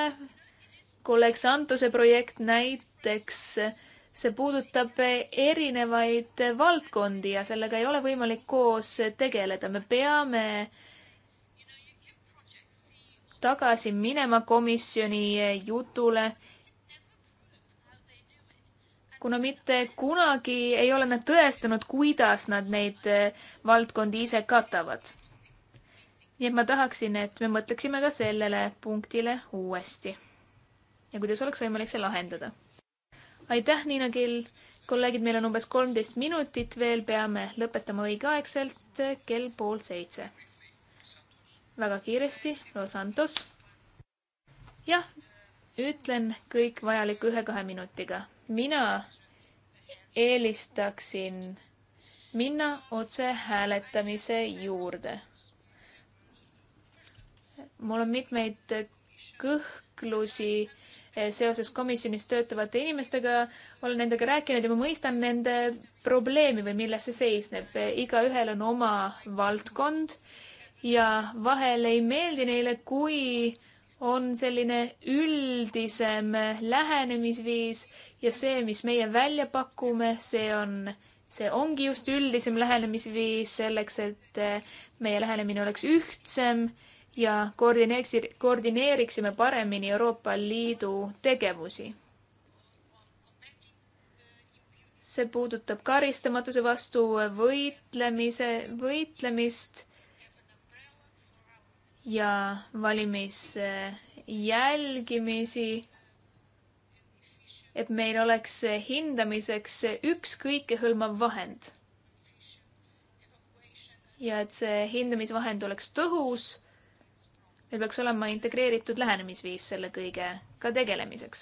S2: kolleeg Santuse projekt näiteks, see puudutab erinevaid valdkondi ja sellega ei ole võimalik koos tegeleda. me peame tagasi minema komisjoni jutule, kuna mitte kunagi ei ole nad tõestanud, kuidas nad neid valdkondi ise katavad nii et ma tahaksin, et me mõtleksime ka sellele punktile uuesti. ja kuidas oleks võimalik see lahendada. aitäh, Niina Kill. kolleegid, meil on umbes kolmteist minutit veel, peame lõpetama õigeaegselt kell pool seitse. väga kiiresti, Los Santos. jah, ütlen kõik vajalik ühe-kahe minutiga. mina eelistaksin minna otse hääletamise juurde mul on mitmeid kõhklusi eh, seoses komisjonis töötavate inimestega, olen nendega rääkinud ja ma mõistan nende probleemi või milles see seisneb. igaühel on oma valdkond ja vahel ei meeldi neile, kui on selline üldisem lähenemisviis ja see, mis meie välja pakume, see on, see ongi just üldisem lähenemisviis selleks, et eh, meie lähenemine oleks ühtsem ja koordineeriksime paremini Euroopa Liidu tegevusi. see puudutab karistamatuse vastu võitlemise, võitlemist ja valimisjälgimisi, et meil oleks hindamiseks üks kõikehõlmav vahend. ja et see hindamisvahend oleks tõhus meil peaks olema integreeritud lähenemisviis selle kõigega tegelemiseks.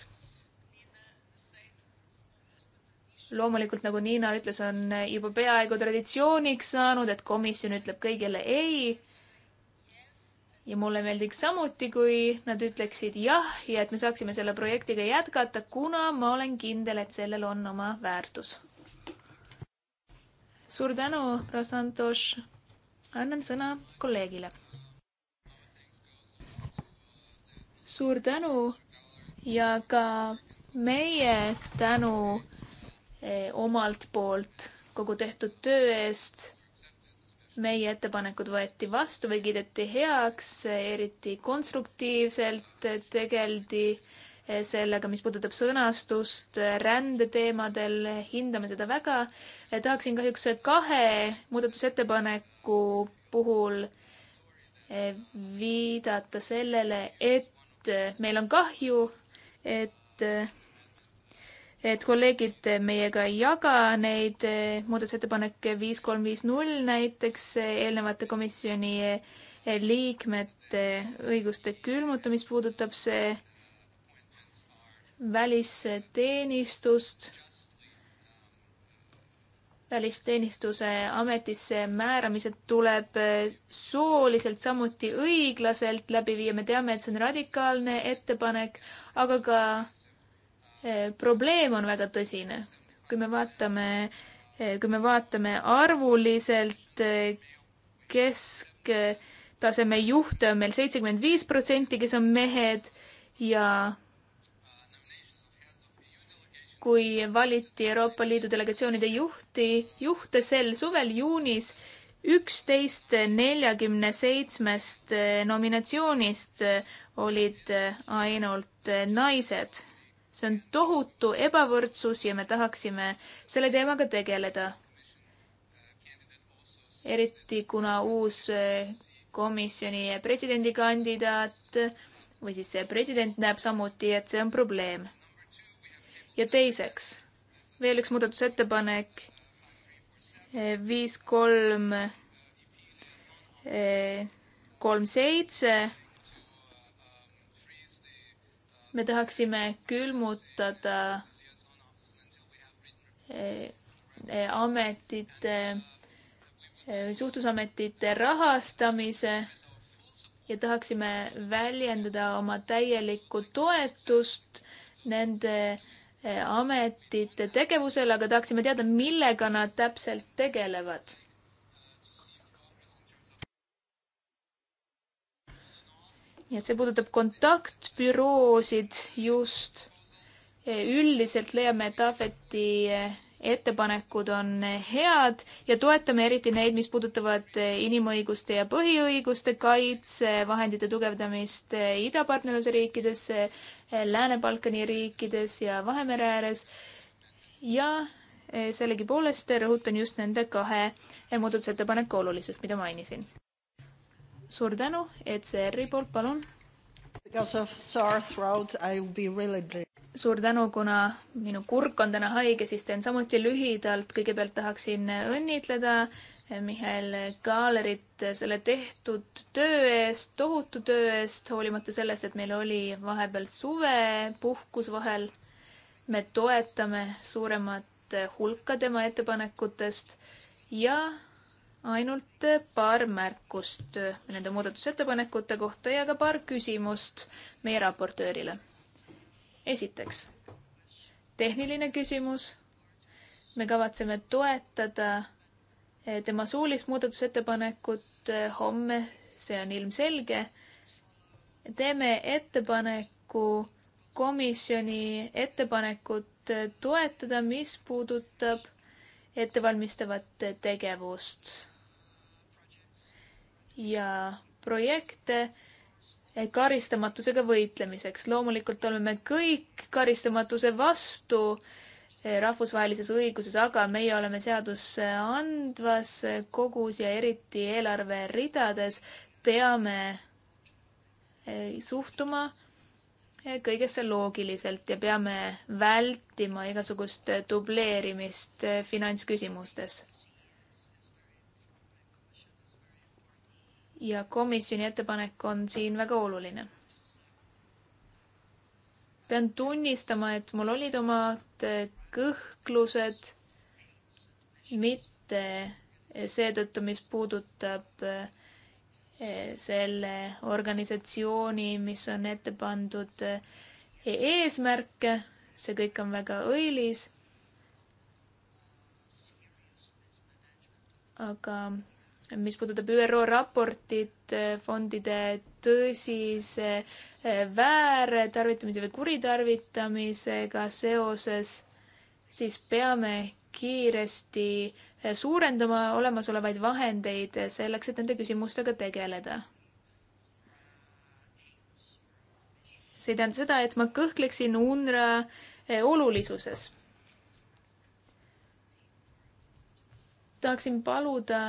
S2: loomulikult, nagu Niina ütles, on juba peaaegu traditsiooniks saanud, et komisjon ütleb kõigele ei. ja mulle meeldiks samuti, kui nad ütleksid jah ja et me saaksime selle projektiga jätkata, kuna ma olen kindel, et sellel on oma väärtus. suur tänu, Rasantoš. annan sõna kolleegile suur tänu ja ka meie tänu eh, omalt poolt kogu tehtud töö eest. meie ettepanekud võeti vastu või kiideti heaks, eriti konstruktiivselt tegeldi eh, sellega, mis puudutab sõnastust rändeteemadel, hindame seda väga. Eh, tahaksin kahjuks kahe muudatusettepaneku puhul viidata sellele, et et eh, meil on kahju, et, eh, et kolleegid meiega ei jaga neid eh, muudatusettepaneke viis, kolm, viis, null näiteks eelnevate komisjoni liikmete õiguste külmutamist puudutab see välisteenistust välisteenistuse ametisse määramised tuleb äh, sooliselt samuti õiglaselt läbi viia. me teame, et see on radikaalne ettepanek, aga ka äh, probleem on väga tõsine. kui me vaatame, äh, kui me vaatame arvuliselt kesktaseme juhte on meil seitsekümmend viis protsenti, kes on mehed ja kui valiti Euroopa Liidu delegatsioonide juhti, juhte sel suvel juunis üksteist neljakümne seitsmest eh, nominatsioonist eh, olid eh, ainult naised. see on tohutu ebavõrdsus ja me tahaksime selle teemaga tegeleda. eriti kuna uus komisjoni presidendikandidaat või siis president näeb samuti, et see on probleem ja teiseks veel üks muudatusettepanek eh, viis kolm eh, kolm seitse. me tahaksime külmutada eh, ametite, suhtlusametite rahastamise ja tahaksime väljendada oma täielikku toetust nende äh, ametite tegevusele, aga tahaksime teada, millega nad täpselt tegelevad. nii et see puudutab kontaktbüroosid just. üldiselt leiame, et Tafeti ettepanekud on head ja toetame eriti neid, mis puudutavad inimõiguste ja põhiõiguste kaitse, vahendite tugevdamist idapartnerluse riikides, Lääne-Balkani riikides ja Vahemere ääres. ja sellegipoolest rõhutan just nende kahe muudatusettepaneku olulisust, mida mainisin. suur tänu, ECR-i poolt, palun Because of sore throat I will be really brief. suur tänu, kuna minu kurk on täna haige, siis teen samuti lühidalt. kõigepealt tahaksin õnnitleda eh, Mihhail Kaalerit selle tehtud töö eest, tohutu töö eest, hoolimata sellest, et meil oli vahepeal suvepuhkus vahel. me toetame suuremat hulka tema ettepanekutest ja ainult paar märkust nende muudatusettepanekute kohta ja ka paar küsimust meie raportöörile. esiteks, tehniline küsimus. me kavatseme toetada tema suulist muudatusettepanekut homme, see on ilmselge. teeme ettepaneku komisjoni ettepanekut toetada, mis puudutab ettevalmistavat tegevust ja projekte karistamatusega võitlemiseks. loomulikult oleme me kõik karistamatuse vastu eh, rahvusvahelises õiguses, aga meie oleme seadusandvas kogus ja eriti eelarveridades peame eh, suhtuma eh, kõigesse loogiliselt ja peame vältima igasugust dubleerimist finantsküsimustes ja komisjoni ettepanek on siin väga oluline. pean tunnistama, et mul olid omad eh, kõhklused, mitte seetõttu, mis puudutab eh, selle organisatsiooni, mis on ette pandud eh, eesmärke, see kõik on väga õilis. aga mis puudutab ÜRO raportit eh, fondide tõsise eh, väärtarvitamise või kuritarvitamisega seoses, siis peame kiiresti eh, suurendama olemasolevaid vahendeid selleks, et nende küsimustega tegeleda. see ei tähenda seda, et ma kõhkleksin UNRWA olulisuses. tahaksin paluda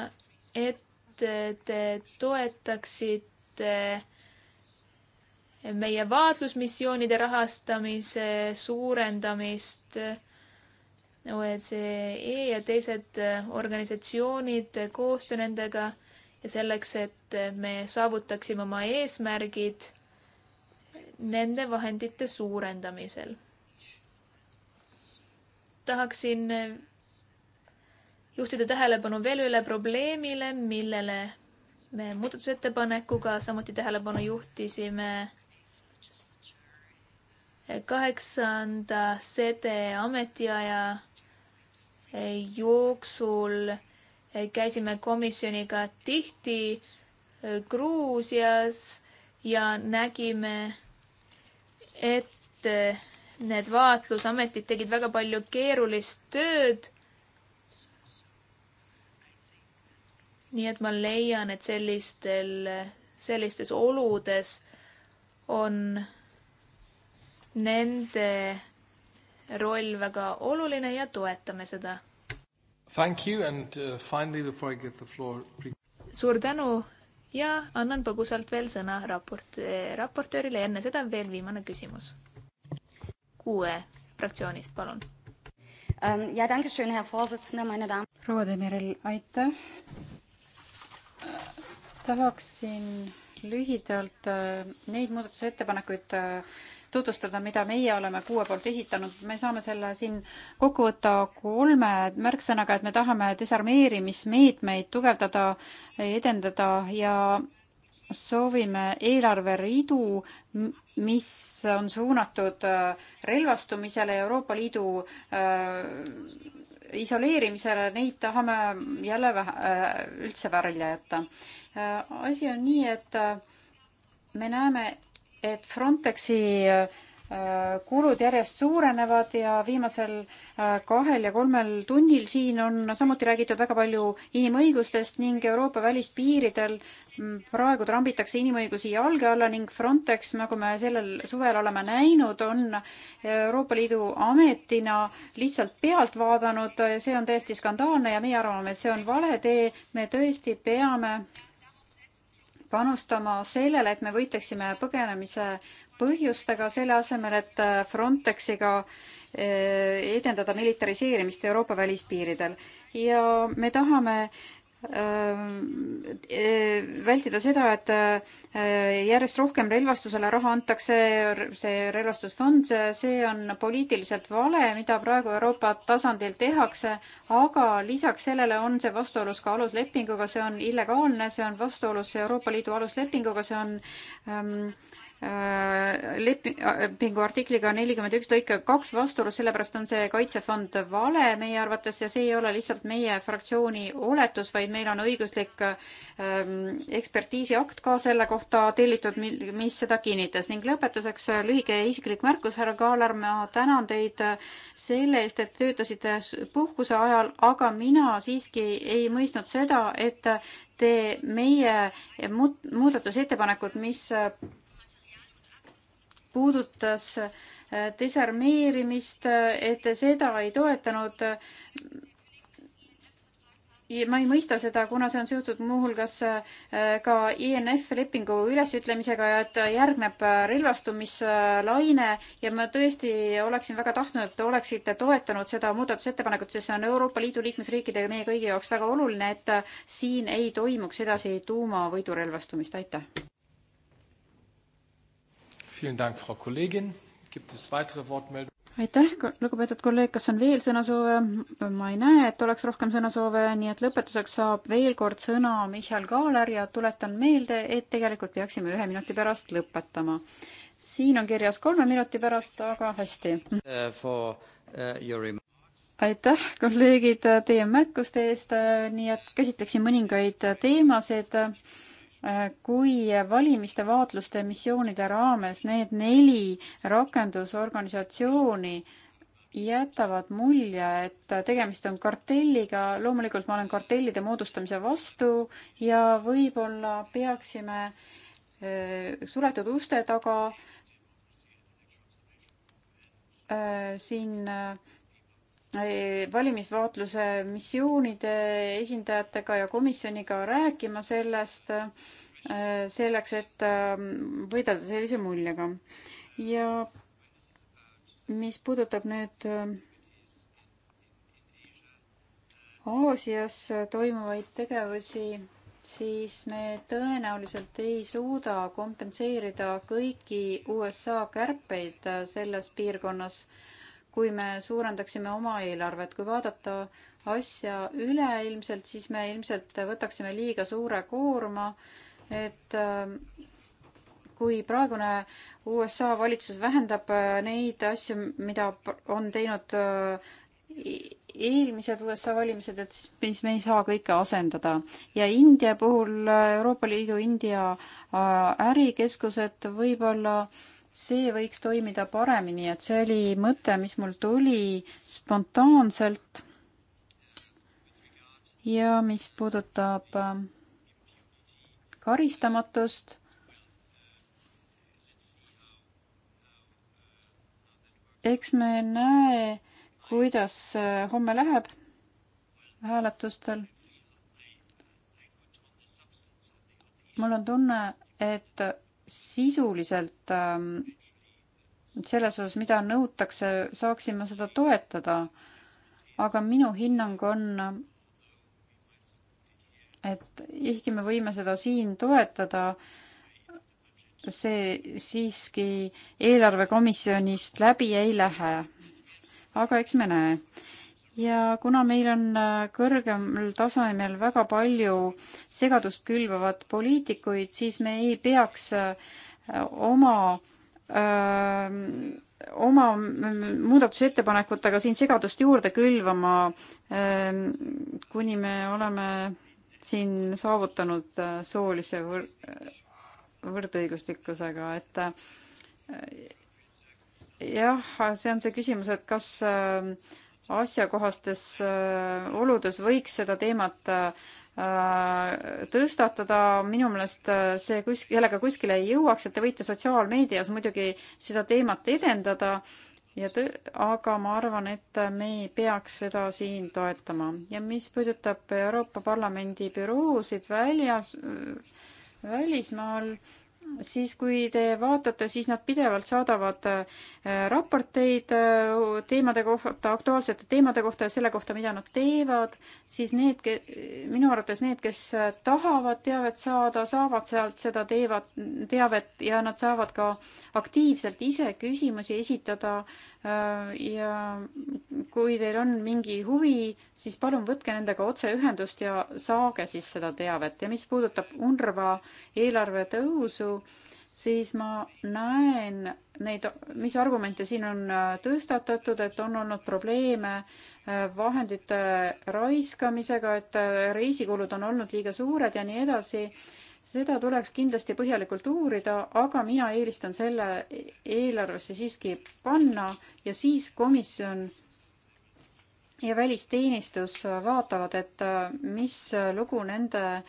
S2: et te toetaksite meie vaatlusmissioonide rahastamise suurendamist. OECD e ja teised organisatsioonid, koostöö nendega ja selleks, et me saavutaksime oma eesmärgid nende vahendite suurendamisel. tahaksin juhtida tähelepanu veel ühele probleemile, millele me muudatusettepanekuga samuti tähelepanu juhtisime. kaheksanda sede ametiaja jooksul käisime komisjoniga tihti Gruusias ja nägime, et need vaatlusametid tegid väga palju keerulist tööd nii et ma leian, et sellistel, sellistes oludes on nende roll väga oluline ja toetame seda.
S4: Thank you and uh, finally before I get the floor.
S2: suur tänu ja annan põgusalt veel sõna raport, raportöörile ja enne
S3: seda veel viimane küsimus.
S2: kuue fraktsioonist, palun
S3: um,. ja tänke schön, Herr Vorsitzende, meine Damen. proua Demirel, aitäh tahaksin lühidalt äh, neid muudatusettepanekuid äh, tutvustada, mida meie oleme kuue poolt esitanud, me saame selle siin kokku võtta kolme märksõnaga, et me tahame desarmeerimismeetmeid tugevdada, edendada ja soovime eelarveridu, mis on suunatud äh, relvastumisele Euroopa Liidu äh, isoleerimisele, neid tahame jälle vähe, äh, üldse välja jätta. Äh, asi on nii, et äh, me näeme, et Frontexi Äh, kulud järjest suurenevad ja viimasel äh, kahel ja kolmel tunnil siin on samuti räägitud väga palju inimõigustest ning Euroopa välispiiridel mm, praegu trambitakse inimõigusi jalge alla ning Frontex, nagu me sellel suvel oleme näinud, on Euroopa Liidu ametina lihtsalt pealt vaadanud, see on täiesti skandaalne ja meie arvame, et see on vale tee, me tõesti peame panustama sellele, et me võitleksime põgenemise põhjustega, selle asemel, et äh, Frontexiga äh, edendada militariseerimist Euroopa välispiiridel. ja me tahame Ehm, eh, vältida seda, et eh, järjest rohkem relvastusele raha antakse, see relvastusfond, see on poliitiliselt vale, mida praegu Euroopa tasandil tehakse, aga lisaks sellele on see vastuolus ka aluslepinguga, see on illegaalne, see on vastuolus Euroopa Liidu aluslepinguga, see on ähm, Äh, lepingu artikliga nelikümmend üks lõike kaks vastuolus, sellepärast on see kaitsefond vale meie arvates ja see ei ole lihtsalt meie fraktsiooni oletus, vaid meil on õiguslik ähm, ekspertiisiakt ka selle kohta tellitud, mis seda kinnitas. ning lõpetuseks äh, lühike isiklik märkus, härra Kaalar, ma tänan teid äh, selle eest, et töötasite puhkuse ajal, aga mina siiski ei mõistnud seda, et te meie muudatusettepanekud, mis puudutas äh, desarmeerimist, äh, et te seda ei toetanud. ma ei mõista seda, kuna see on seotud muuhulgas äh, ka INF lepingu ülesütlemisega ja et järgneb relvastumislaine ja ma tõesti oleksin väga tahtnud, et te oleksite toetanud seda muudatusettepanekut, sest see on Euroopa Liidu liikmesriikide ja meie kõigi jaoks väga oluline, et siin ei toimuks edasi tuumavõidurelvastumist, aitäh aitäh, lugupeetud kolleeg, kas on veel sõnasoove? ma ei näe, et oleks rohkem sõnasoove, nii et lõpetuseks saab veel kord sõna Michal Kaaler ja tuletan meelde, et tegelikult peaksime ühe minuti pärast lõpetama. siin on kirjas kolme minuti pärast, aga hästi. Uh, uh, aitäh, kolleegid, teie märkuste eest, nii et käsitleksin mõningaid teemasid kui valimiste vaatluste missioonide raames need neli rakendusorganisatsiooni jätavad mulje, et tegemist on kartelliga, loomulikult ma olen kartellide moodustamise vastu ja võib-olla peaksime äh, suletud uste taga äh, siin äh, Eh, valimisvaatluse missioonide esindajatega ja komisjoniga rääkima sellest, eh, selleks, et ähm, võidelda sellise muljega. ja mis puudutab nüüd äh, Aasias toimuvaid tegevusi, siis me tõenäoliselt ei suuda kompenseerida kõiki USA kärpeid äh, selles piirkonnas kui me suurendaksime oma eelarvet, kui vaadata asja üleilmselt, siis me ilmselt võtaksime liiga suure koorma, et äh, kui praegune USA valitsus vähendab äh, neid asju, mida on teinud äh, e-, eelmised USA valimised, et siis me ei saa kõike asendada. ja India puhul Euroopa Liidu India ärikeskused võib-olla äh, see võiks toimida paremini, et see oli mõte, mis mul tuli spontaanselt. ja mis puudutab ähm, karistamatust. eks me näe, kuidas äh, homme läheb hääletustel. mul on tunne, et sisuliselt ähm, selles osas, mida nõutakse, saaksin ma seda toetada. aga minu hinnang on, et ehkki me võime seda siin toetada, see siiski eelarvekomisjonist läbi ei lähe. aga eks me näe ja kuna meil on äh, kõrgemal tasemel väga palju segadust külvavad poliitikuid, siis me ei peaks äh, oma öö, äh, oma mm, muudatusettepanekutega siin segadust juurde külvama, ähm, kuni me oleme siin saavutanud soolise võr-, võrdõiguslikkusega, et jah, see on see küsimus, et kas äh, asjakohastes äh, oludes võiks seda teemat äh, tõstatada, minu meelest äh, see kus-, sellega kuskile ei jõuaks, et te võite sotsiaalmeedias muidugi seda teemat edendada ja tõ-, aga ma arvan, et me ei peaks seda siin toetama. ja mis puudutab Euroopa Parlamendi büroosid väljas, välismaal, siis kui te vaatate, siis nad pidevalt saadavad äh, raporteid äh, teemade kohta, aktuaalsete teemade kohta ja selle kohta, mida nad teevad, siis need, minu arvates need, kes äh, tahavad teavet saada, saavad sealt seda teevad, teavet ja nad saavad ka aktiivselt ise küsimusi esitada Äh, ja kui teil on mingi huvi, siis palun võtke nendega otseühendust ja saage siis seda teavet ja mis puudutab UNRWA eelarve tõusu, siis ma näen neid, mis argumente siin on äh, tõstatatud, et on olnud probleeme äh, vahendite raiskamisega, et reisikulud on olnud liiga suured ja nii edasi. seda tuleks kindlasti põhjalikult uurida, aga mina eelistan selle e-, eelarvesse siiski panna ja siis komisjon ja välisteenistus vaatavad, et äh, mis lugu nende äh,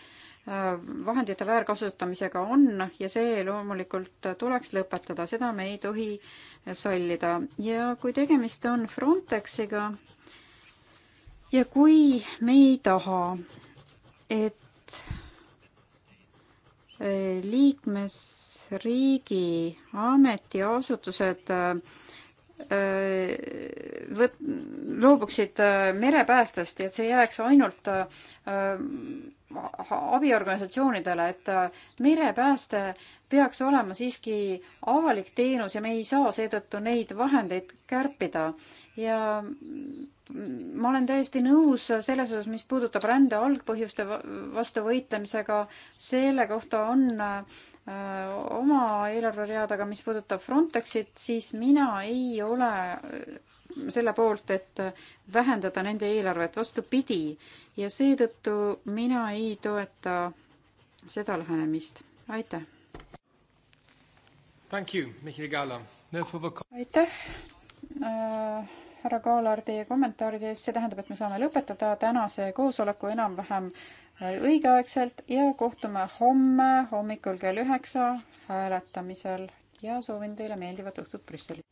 S3: vahendite väärkasutamisega on ja see loomulikult tuleks lõpetada, seda me ei tohi sallida. ja kui tegemist on Frontexiga ja kui me ei taha, et äh, liikmesriigi ametiasutused äh, võt-, loobuksid merepäästest ja et see jääks ainult abiorganisatsioonidele, et merepääste peaks olema siiski avalik teenus ja me ei saa seetõttu neid vahendeid kärpida. ja ma olen täiesti nõus selles osas, mis puudutab rände algpõhjuste vastu võitlemisega, selle kohta on äh, Äh, oma eelarvereadaga, mis puudutab Frontexit, siis mina ei ole äh, selle poolt, et äh, vähendada nende eelarvet, vastupidi. ja seetõttu mina ei toeta seda lähenemist. aitäh. aitäh äh, härra Kaalar teie kommentaaride eest, see tähendab, et me saame lõpetada tänase koosoleku enam-vähem õigeaegselt ja kohtume homme hommikul kell üheksa hääletamisel ja soovin teile meeldivat õhtut Brüsselis.